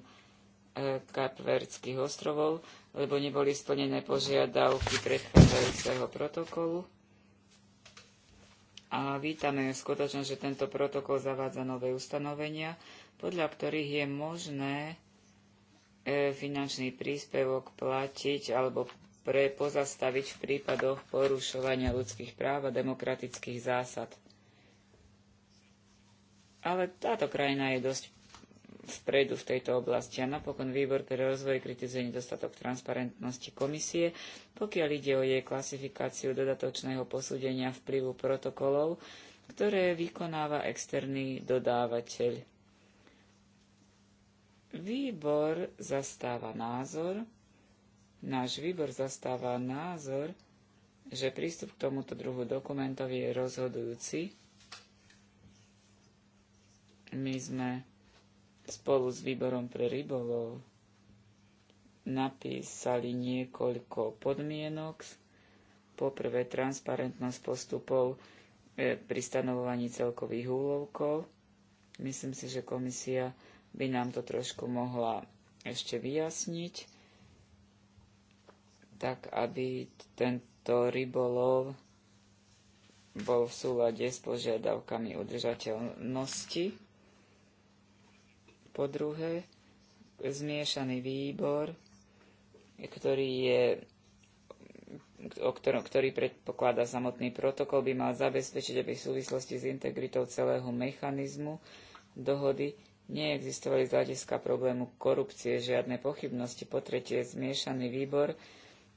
Kapverdských ostrovov, lebo neboli splnené požiadavky predchádzajúceho protokolu. A vítame skutočnosť, že tento protokol zavádza nové ustanovenia, podľa ktorých je možné e, finančný príspevok platiť alebo pre pozastaviť v prípadoch porušovania ľudských práv a demokratických zásad. Ale táto krajina je dosť vpredu v tejto oblasti. A napokon výbor pre rozvoj kritizuje nedostatok transparentnosti komisie, pokiaľ ide o jej klasifikáciu dodatočného posúdenia vplyvu protokolov, ktoré vykonáva externý dodávateľ. Výbor zastáva názor, náš výbor zastáva názor, že prístup k tomuto druhu dokumentov je rozhodujúci. My sme spolu s výborom pre rybolov napísali niekoľko podmienok. Poprvé transparentnosť postupov e, pri stanovovaní celkových úlovkov. Myslím si, že komisia by nám to trošku mohla ešte vyjasniť, tak aby tento rybolov bol v súlade s požiadavkami udržateľnosti po druhé, zmiešaný výbor, ktorý je o ktorom, ktorý predpokladá samotný protokol, by mal zabezpečiť, aby v súvislosti s integritou celého mechanizmu dohody neexistovali z hľadiska problému korupcie žiadne pochybnosti. Po tretie, zmiešaný výbor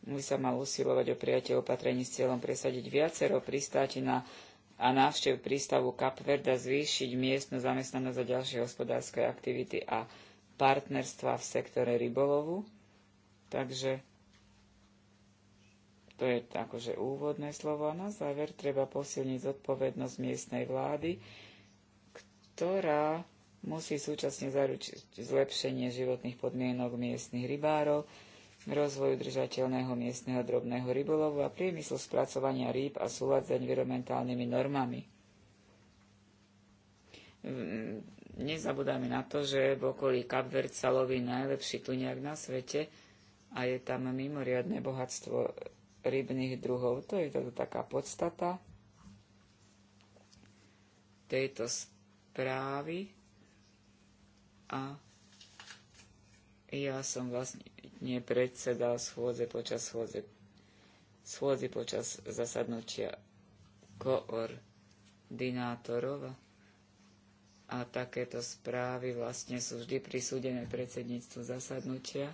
by sa mal usilovať o prijatie opatrení s cieľom presadiť viacero pristáti na a návštev prístavu Kapverda zvýšiť miestnu zamestnanosť a ďalšie hospodárske aktivity a partnerstva v sektore rybolovu. Takže to je akože úvodné slovo. A na záver treba posilniť zodpovednosť miestnej vlády, ktorá musí súčasne zaručiť zlepšenie životných podmienok miestnych rybárov, rozvoj udržateľného miestneho drobného rybolovu a priemyslu spracovania rýb a súlad s environmentálnymi normami. Nezabúdajme na to, že v okolí Kapverd sa loví najlepší tuniak na svete a je tam mimoriadne bohatstvo rybných druhov. To je teda taká podstata tejto správy a ja som vlastne nepredsedal schôdze počas schôdze, schôdze počas zasadnutia koordinátorov a takéto správy vlastne sú vždy prisúdené predsedníctvu zasadnutia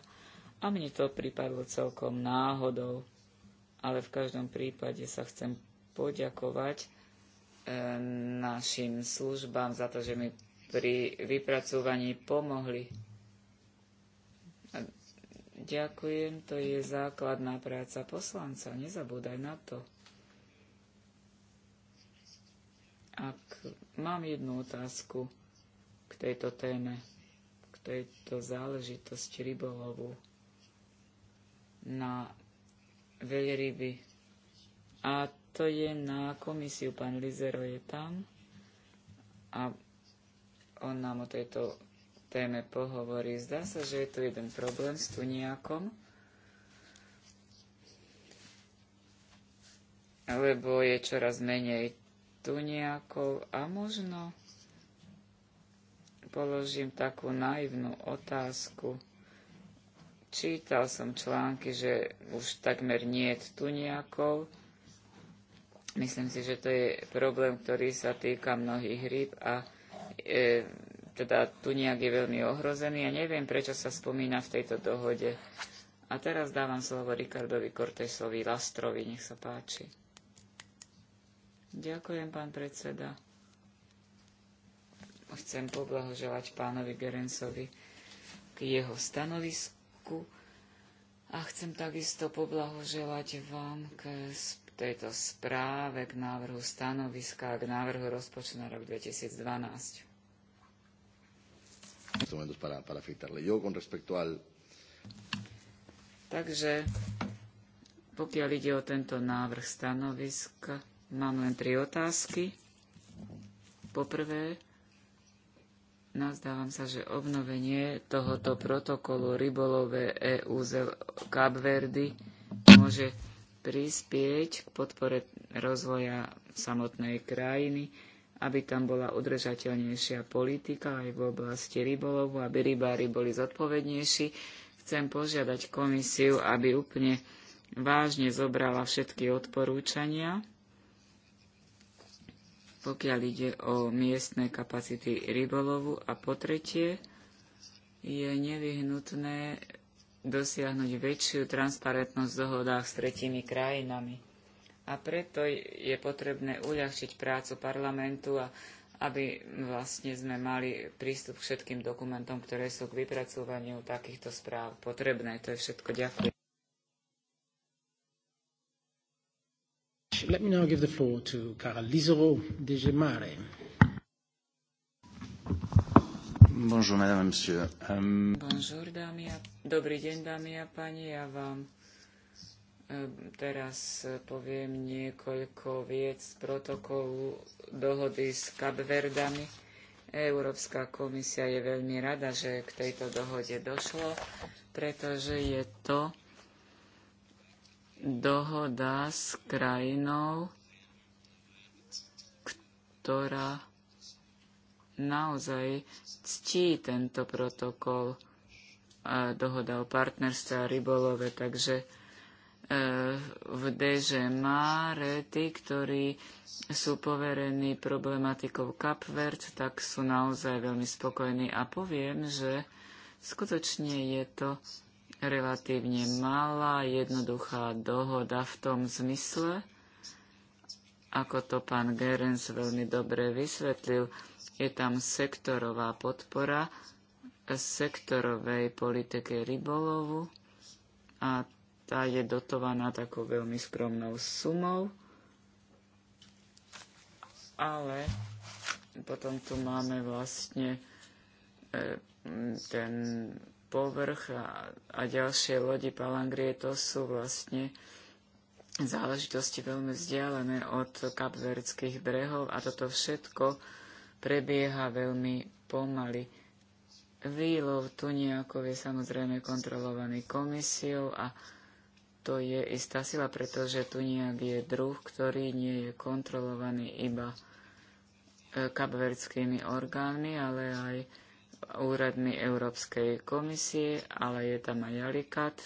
a mne to pripadlo celkom náhodou, ale v každom prípade sa chcem poďakovať e, našim službám za to, že mi pri vypracúvaní pomohli Ďakujem, to je základná práca poslanca, nezabúdaj na to. Ak mám jednu otázku k tejto téme, k tejto záležitosti rybolovu na veľryby. A to je na komisiu, pán Lizero je tam a on nám o tejto téme pohovorí. Zdá sa, že je tu jeden problém s nejakom. alebo je čoraz menej nejakou. a možno položím takú naivnú otázku. Čítal som články, že už takmer nie je nejakou. Myslím si, že to je problém, ktorý sa týka mnohých rýb a e, teda Tuniak je veľmi ohrozený a neviem, prečo sa spomína v tejto dohode. A teraz dávam slovo Rikardovi Cortesovi Lastrovi, nech sa páči. Ďakujem, pán predseda. Chcem poblahoželať pánovi Gerencovi k jeho stanovisku a chcem takisto poblahoželať vám k tejto správe, k návrhu stanoviska a k návrhu rozpočtu na rok 2012 instrumentos para, para afectarle. Yo con respecto al... Takže pokiaľ ide o tento návrh stanoviska, mám len tri otázky. Poprvé, nazdávam sa, že obnovenie tohoto protokolu rybolové EU z Kapverdy môže prispieť k podpore rozvoja samotnej krajiny aby tam bola udržateľnejšia politika aj v oblasti rybolovu, aby rybári boli zodpovednejší. Chcem požiadať komisiu, aby úplne vážne zobrala všetky odporúčania, pokiaľ ide o miestne kapacity rybolovu. A po tretie, je nevyhnutné dosiahnuť väčšiu transparentnosť v dohodách s tretími krajinami a preto je potrebné uľahčiť prácu parlamentu a aby vlastne sme mali prístup k všetkým dokumentom, ktoré sú k vypracovaniu takýchto správ potrebné. To je všetko. Ďakujem. Let me now give the floor to Carl Lizero de Gemare. Bonjour, madame, monsieur. Um... Bonjour, dámy a... Dobrý deň, dámy a pani. Ja vám Ehm, teraz eh, poviem niekoľko viec z protokolu dohody s Kapverdami. Európska komisia je veľmi rada, že k tejto dohode došlo, pretože je to dohoda s krajinou, ktorá naozaj ctí tento protokol a eh, dohoda o partnerstve a rybolove, takže v DŽ Máre, tí, ktorí sú poverení problematikou Kapvert, tak sú naozaj veľmi spokojní. A poviem, že skutočne je to relatívne malá, jednoduchá dohoda v tom zmysle, ako to pán Gerens veľmi dobre vysvetlil, je tam sektorová podpora sektorovej politike rybolovu a tá je dotovaná takou veľmi skromnou sumou. Ale potom tu máme vlastne e, ten povrch a, a ďalšie lodi Palangrie, to sú vlastne záležitosti veľmi vzdialené od kapverdských brehov a toto všetko prebieha veľmi pomaly. Výlov tu nejako je samozrejme kontrolovaný komisiou a to je istá sila, pretože tu nejak je druh, ktorý nie je kontrolovaný iba e, kapverskými orgánmi, ale aj úradmi Európskej komisie, ale je tam aj alikat.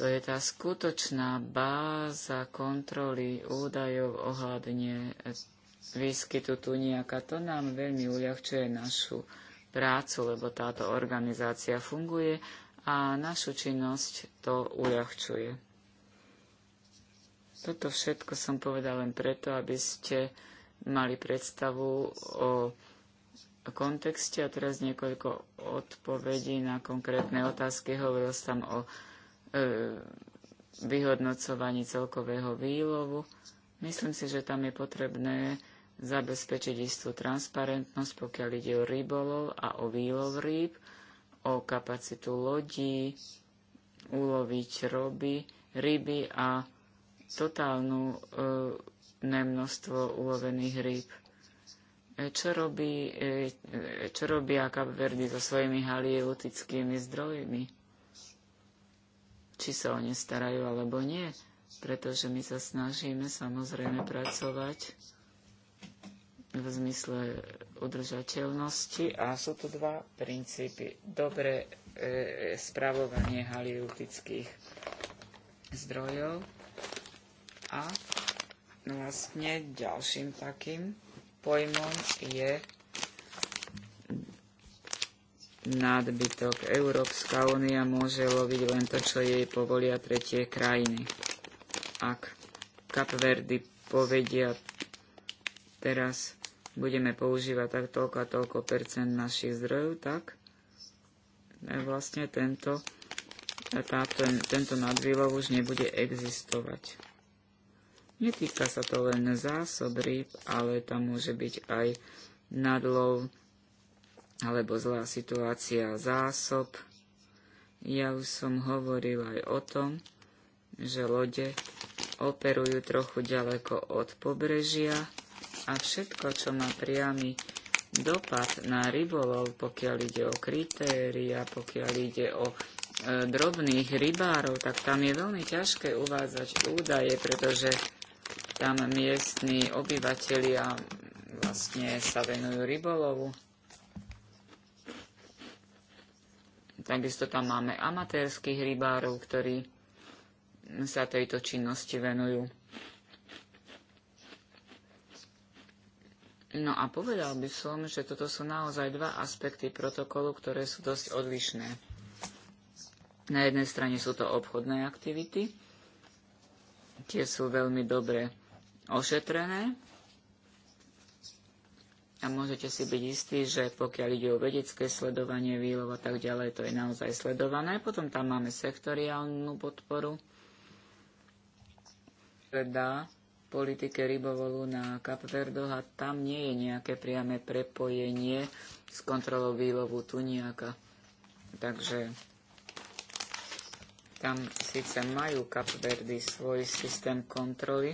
To je tá skutočná báza kontroly údajov ohľadne výskytu nejaká. To nám veľmi uľahčuje našu prácu, lebo táto organizácia funguje a našu činnosť to uľahčuje. Toto všetko som povedal len preto, aby ste mali predstavu o kontexte a teraz niekoľko odpovedí na konkrétne otázky. Hovoril som o e, vyhodnocovaní celkového výlovu. Myslím si, že tam je potrebné zabezpečiť istú transparentnosť, pokiaľ ide o rybolov a o výlov rýb o kapacitu lodí, uloviť roby, ryby a totálnu e, množstvo ulovených rýb. E, čo, robí, e, e čo robia Kapverdy so svojimi halieutickými zdrojmi? Či sa o ne starajú alebo nie? Pretože my sa snažíme samozrejme pracovať v zmysle udržateľnosti a sú tu dva princípy. Dobré e, spravovanie halieutických zdrojov a vlastne ďalším takým pojmom je nadbytok. Európska únia môže loviť len to, čo jej povolia tretie krajiny. Ak Kapverdy povedia teraz budeme používať tak toľko a toľko percent našich zdrojov, tak e, vlastne tento, e, táto, tento nadvýlov už nebude existovať. Netýka sa to len zásob rýb, ale tam môže byť aj nadlov alebo zlá situácia zásob. Ja už som hovoril aj o tom, že lode operujú trochu ďaleko od pobrežia a všetko, čo má priamy dopad na rybolov, pokiaľ ide o kritéria, pokiaľ ide o e, drobných rybárov, tak tam je veľmi ťažké uvádzať údaje, pretože tam miestni obyvateľia vlastne sa venujú rybolovu. Takisto tam máme amatérských rybárov, ktorí sa tejto činnosti venujú. No a povedal by som, že toto sú naozaj dva aspekty protokolu, ktoré sú dosť odlišné. Na jednej strane sú to obchodné aktivity, tie sú veľmi dobre ošetrené a môžete si byť istí, že pokiaľ ide o vedecké sledovanie výlov a tak ďalej, to je naozaj sledované. Potom tam máme sektoriálnu podporu, ktorá politike rybovolu na Kapverdoch a tam nie je nejaké priame prepojenie s kontrolou výlovu tuniaka. Takže tam síce majú Kapverdy svoj systém kontroly,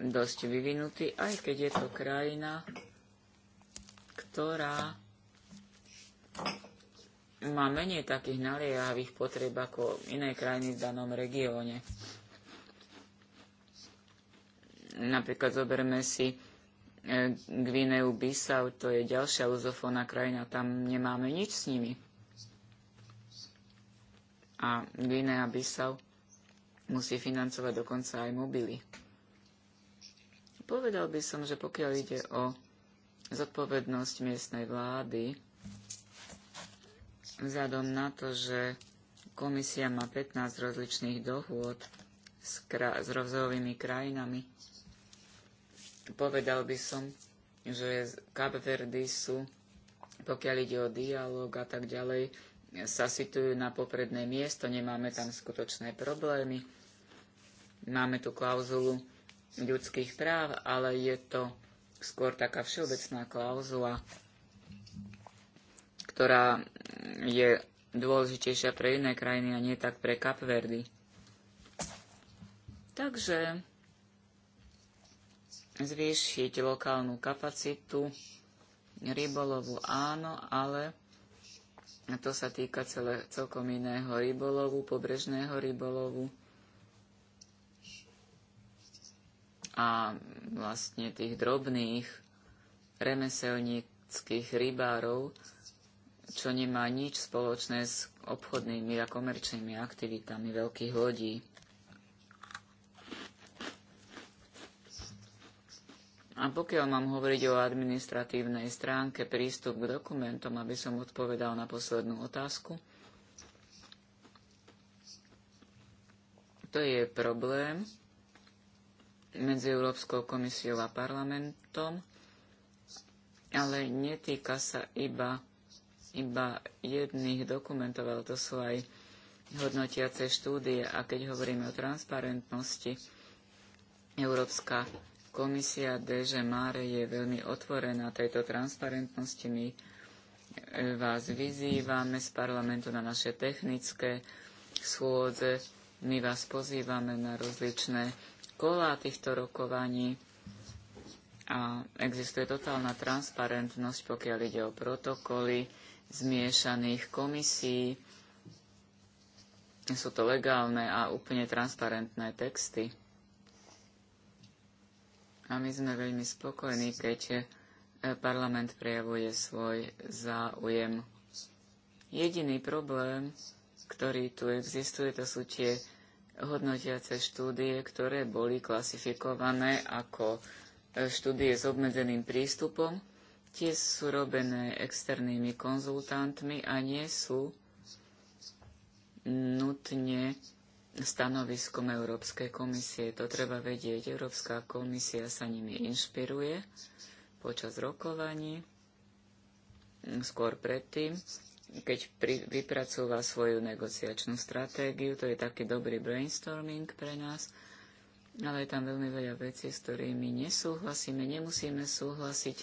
dosť vyvinutý, aj keď je to krajina, ktorá má menej takých naliehavých potrieb ako iné krajiny v danom regióne. Napríklad zoberme si e, Gvineu Bissau, to je ďalšia luzofónna krajina, tam nemáme nič s nimi. A Gvinea Bissau musí financovať dokonca aj mobily. Povedal by som, že pokiaľ ide o zodpovednosť miestnej vlády, vzhľadom na to, že komisia má 15 rozličných dohôd s, s rozvojovými krajinami, Povedal by som, že Kapverdy sú, pokiaľ ide o dialog a tak ďalej, sa situujú na popredné miesto, nemáme tam skutočné problémy. Máme tu klauzulu ľudských práv, ale je to skôr taká všeobecná klauzula, ktorá je dôležitejšia pre iné krajiny a nie tak pre Kapverdy. Takže zvýšiť lokálnu kapacitu rybolovu áno, ale to sa týka celé, celkom iného rybolovu, pobrežného rybolovu a vlastne tých drobných remeselníckých rybárov, čo nemá nič spoločné s obchodnými a komerčnými aktivitami veľkých lodí. A pokiaľ mám hovoriť o administratívnej stránke, prístup k dokumentom, aby som odpovedal na poslednú otázku, to je problém medzi Európskou komisiou a parlamentom, ale netýka sa iba, iba jedných dokumentov, ale to sú aj hodnotiace štúdie. A keď hovoríme o transparentnosti, Európska Komisia DŽ Mare je veľmi otvorená tejto transparentnosti. My e, vás vyzývame z parlamentu na naše technické schôdze. My vás pozývame na rozličné kolá týchto rokovaní a existuje totálna transparentnosť, pokiaľ ide o protokoly zmiešaných komisí. Sú to legálne a úplne transparentné texty. A my sme veľmi spokojní, keď eh, parlament prejavuje svoj záujem. Jediný problém, ktorý tu existuje, to sú tie hodnotiace štúdie, ktoré boli klasifikované ako eh, štúdie s obmedzeným prístupom. Tie sú robené externými konzultantmi a nie sú nutne stanoviskom Európskej komisie. To treba vedieť. Európska komisia sa nimi inšpiruje počas rokovaní, skôr predtým, keď pri, vypracúva svoju negociačnú stratégiu. To je taký dobrý brainstorming pre nás, ale je tam veľmi veľa vecí, s ktorými nesúhlasíme, nemusíme súhlasiť.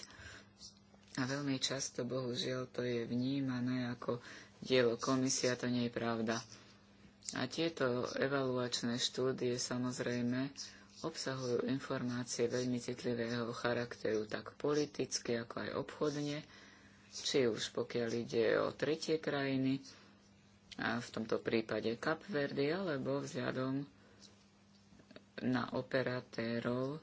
A veľmi často, bohužiaľ, to je vnímané ako dielo komisia, to nie je pravda. A tieto evaluačné štúdie samozrejme obsahujú informácie veľmi citlivého charakteru, tak politicky, ako aj obchodne, či už pokiaľ ide o tretie krajiny, a v tomto prípade Kapverdy, alebo vzhľadom na operatérov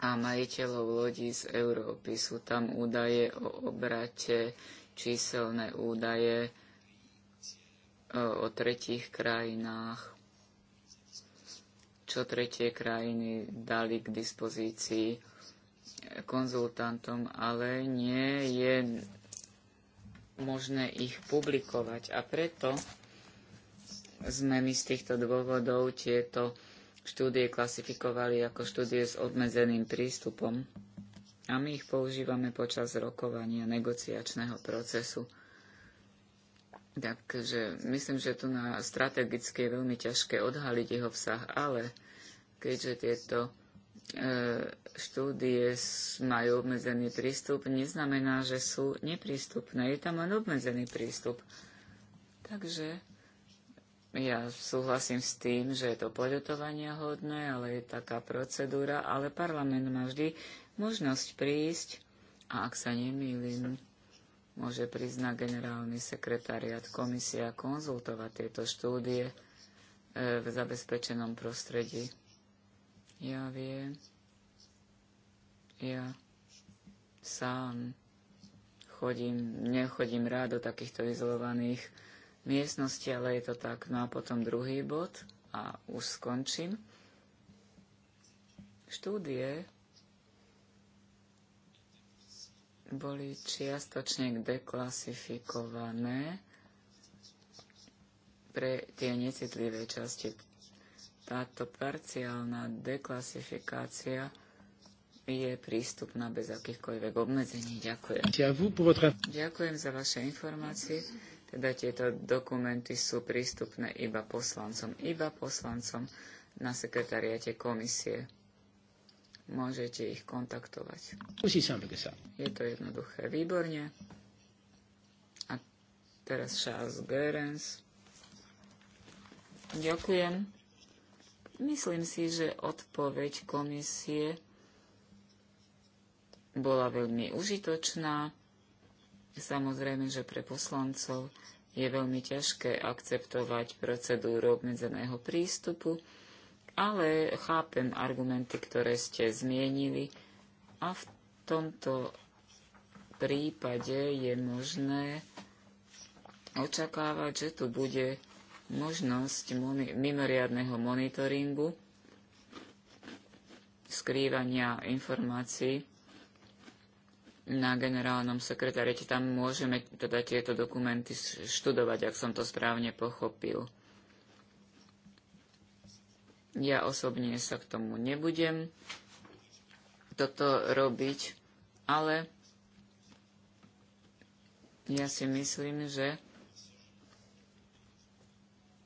a majiteľov lodí z Európy. Sú tam údaje o obrate, číselné údaje, o tretích krajinách, čo tretie krajiny dali k dispozícii konzultantom, ale nie je možné ich publikovať. A preto sme my z týchto dôvodov tieto štúdie klasifikovali ako štúdie s obmedzeným prístupom a my ich používame počas rokovania negociačného procesu. Takže myslím, že tu na strategicky je veľmi ťažké odhaliť jeho vzah, ale keďže tieto e, štúdie majú obmedzený prístup, neznamená, že sú neprístupné. Je tam len obmedzený prístup. Takže ja súhlasím s tým, že je to poľutovania hodné, ale je taká procedúra, ale parlament má vždy možnosť prísť a ak sa nemýlim, môže priznať generálny sekretariat komisia konzultovať tieto štúdie e, v zabezpečenom prostredí. Ja viem. Ja sám chodím, nechodím rád do takýchto izolovaných miestností, ale je to tak. No a potom druhý bod a už skončím. Štúdie boli čiastočne deklasifikované pre tie necitlivé časti. Táto parciálna deklasifikácia je prístupná bez akýchkoľvek obmedzení. Ďakujem. Ďakujem za vaše informácie. Teda tieto dokumenty sú prístupné iba poslancom, iba poslancom na sekretariate komisie. Môžete ich kontaktovať. Je to jednoduché. Výborne. A teraz Charles Gerens. Ďakujem. Myslím si, že odpoveď komisie bola veľmi užitočná. Samozrejme, že pre poslancov je veľmi ťažké akceptovať procedúru obmedzeného prístupu, ale chápem argumenty, ktoré ste zmienili a v tomto prípade je možné očakávať, že tu bude možnosť moni- mimoriadného monitoringu, skrývania informácií na generálnom sekretariate. Tam môžeme teda tieto dokumenty študovať, ak som to správne pochopil. Ja osobne sa k tomu nebudem toto robiť, ale ja si myslím, že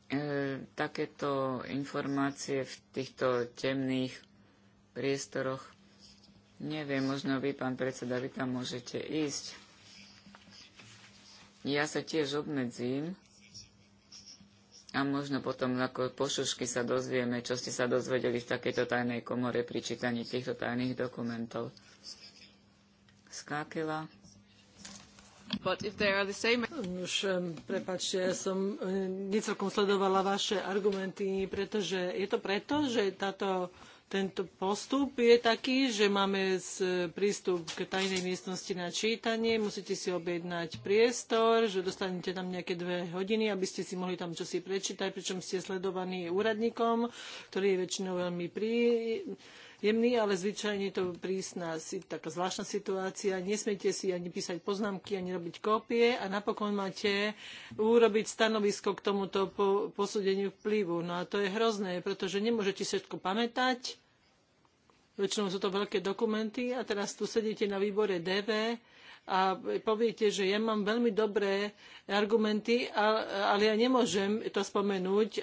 e, takéto informácie v týchto temných priestoroch, neviem, možno vy, pán predseda, vy tam môžete ísť. Ja sa tiež obmedzím a možno potom ako pošušky sa dozvieme, čo ste sa dozvedeli v takejto tajnej komore pri čítaní týchto tajných dokumentov. Skákela. Same... Už, prepáčte, ja som necelkom sledovala vaše argumenty, pretože je to preto, že táto tento postup je taký, že máme e, prístup k tajnej miestnosti na čítanie, musíte si objednať priestor, že dostanete tam nejaké dve hodiny, aby ste si mohli tam čosi prečítať, pričom ste sledovaní úradníkom, ktorý je väčšinou veľmi prí jemný, ale zvyčajne je to prísna taká zvláštna situácia. Nesmiete si ani písať poznámky, ani robiť kópie a napokon máte urobiť stanovisko k tomuto po, posúdeniu vplyvu. No a to je hrozné, pretože nemôžete všetko pamätať. Väčšinou sú to veľké dokumenty a teraz tu sedíte na výbore DV a poviete, že ja mám veľmi dobré argumenty, ale ja nemôžem to spomenúť. E,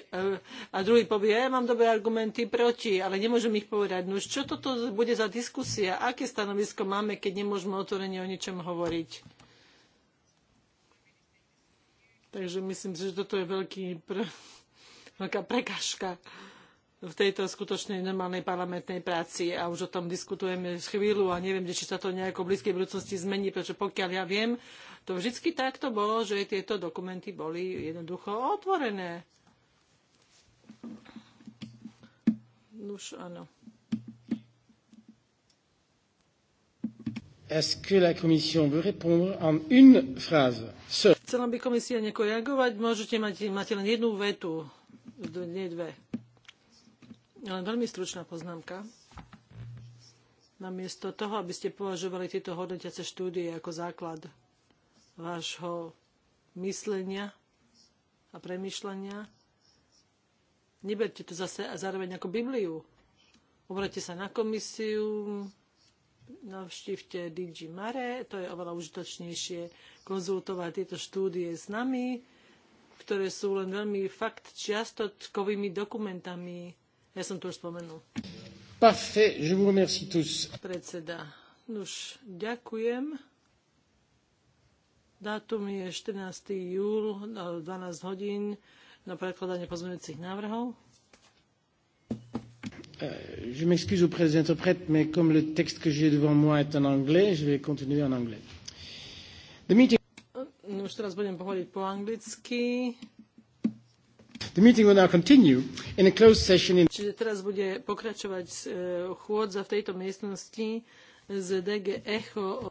a druhý povie, ja mám dobré argumenty proti, ale nemôžem ich povedať. No čo toto bude za diskusia? Aké stanovisko máme, keď nemôžeme otvorene o ničom hovoriť? Takže myslím si, že toto je [laughs] veľká prekážka v tejto skutočnej normálnej parlamentnej práci a už o tom diskutujeme chvíľu a neviem, či sa to nejako v blízkej budúcnosti zmení, pretože pokiaľ ja viem, to vždy takto bolo, že tieto dokumenty boli jednoducho otvorené. Nuž, áno. Est-ce que la Commission veut répondre en une phrase Chcela by komisia nejako reagovať? Môžete mať, máte len jednu vetu, nie dve. Len veľmi stručná poznámka. Namiesto toho, aby ste považovali tieto hodnotiace štúdie ako základ vášho myslenia a premyšľania, neberte to zase a zároveň ako Bibliu. Obrate sa na komisiu, navštívte DG Mare, to je oveľa užitočnejšie konzultovať tieto štúdie s nami, ktoré sú len veľmi fakt čiastotkovými dokumentami ja som to už spomenul. Parfait, je vous remercie tous. Predseda, nuž, ďakujem. Dátum je 14. júl, 12 no, hodín na prekladanie pozmeňujúcich návrhov. Euh, je m'excuse auprès des interprètes, mais comme le texte que j'ai devant moi est en anglais, je vais continuer en anglais. The meeting... No, už teraz budem hovoriť po anglicky. Čiže teraz bude pokračovať e, chôdza v tejto miestnosti z DG Echo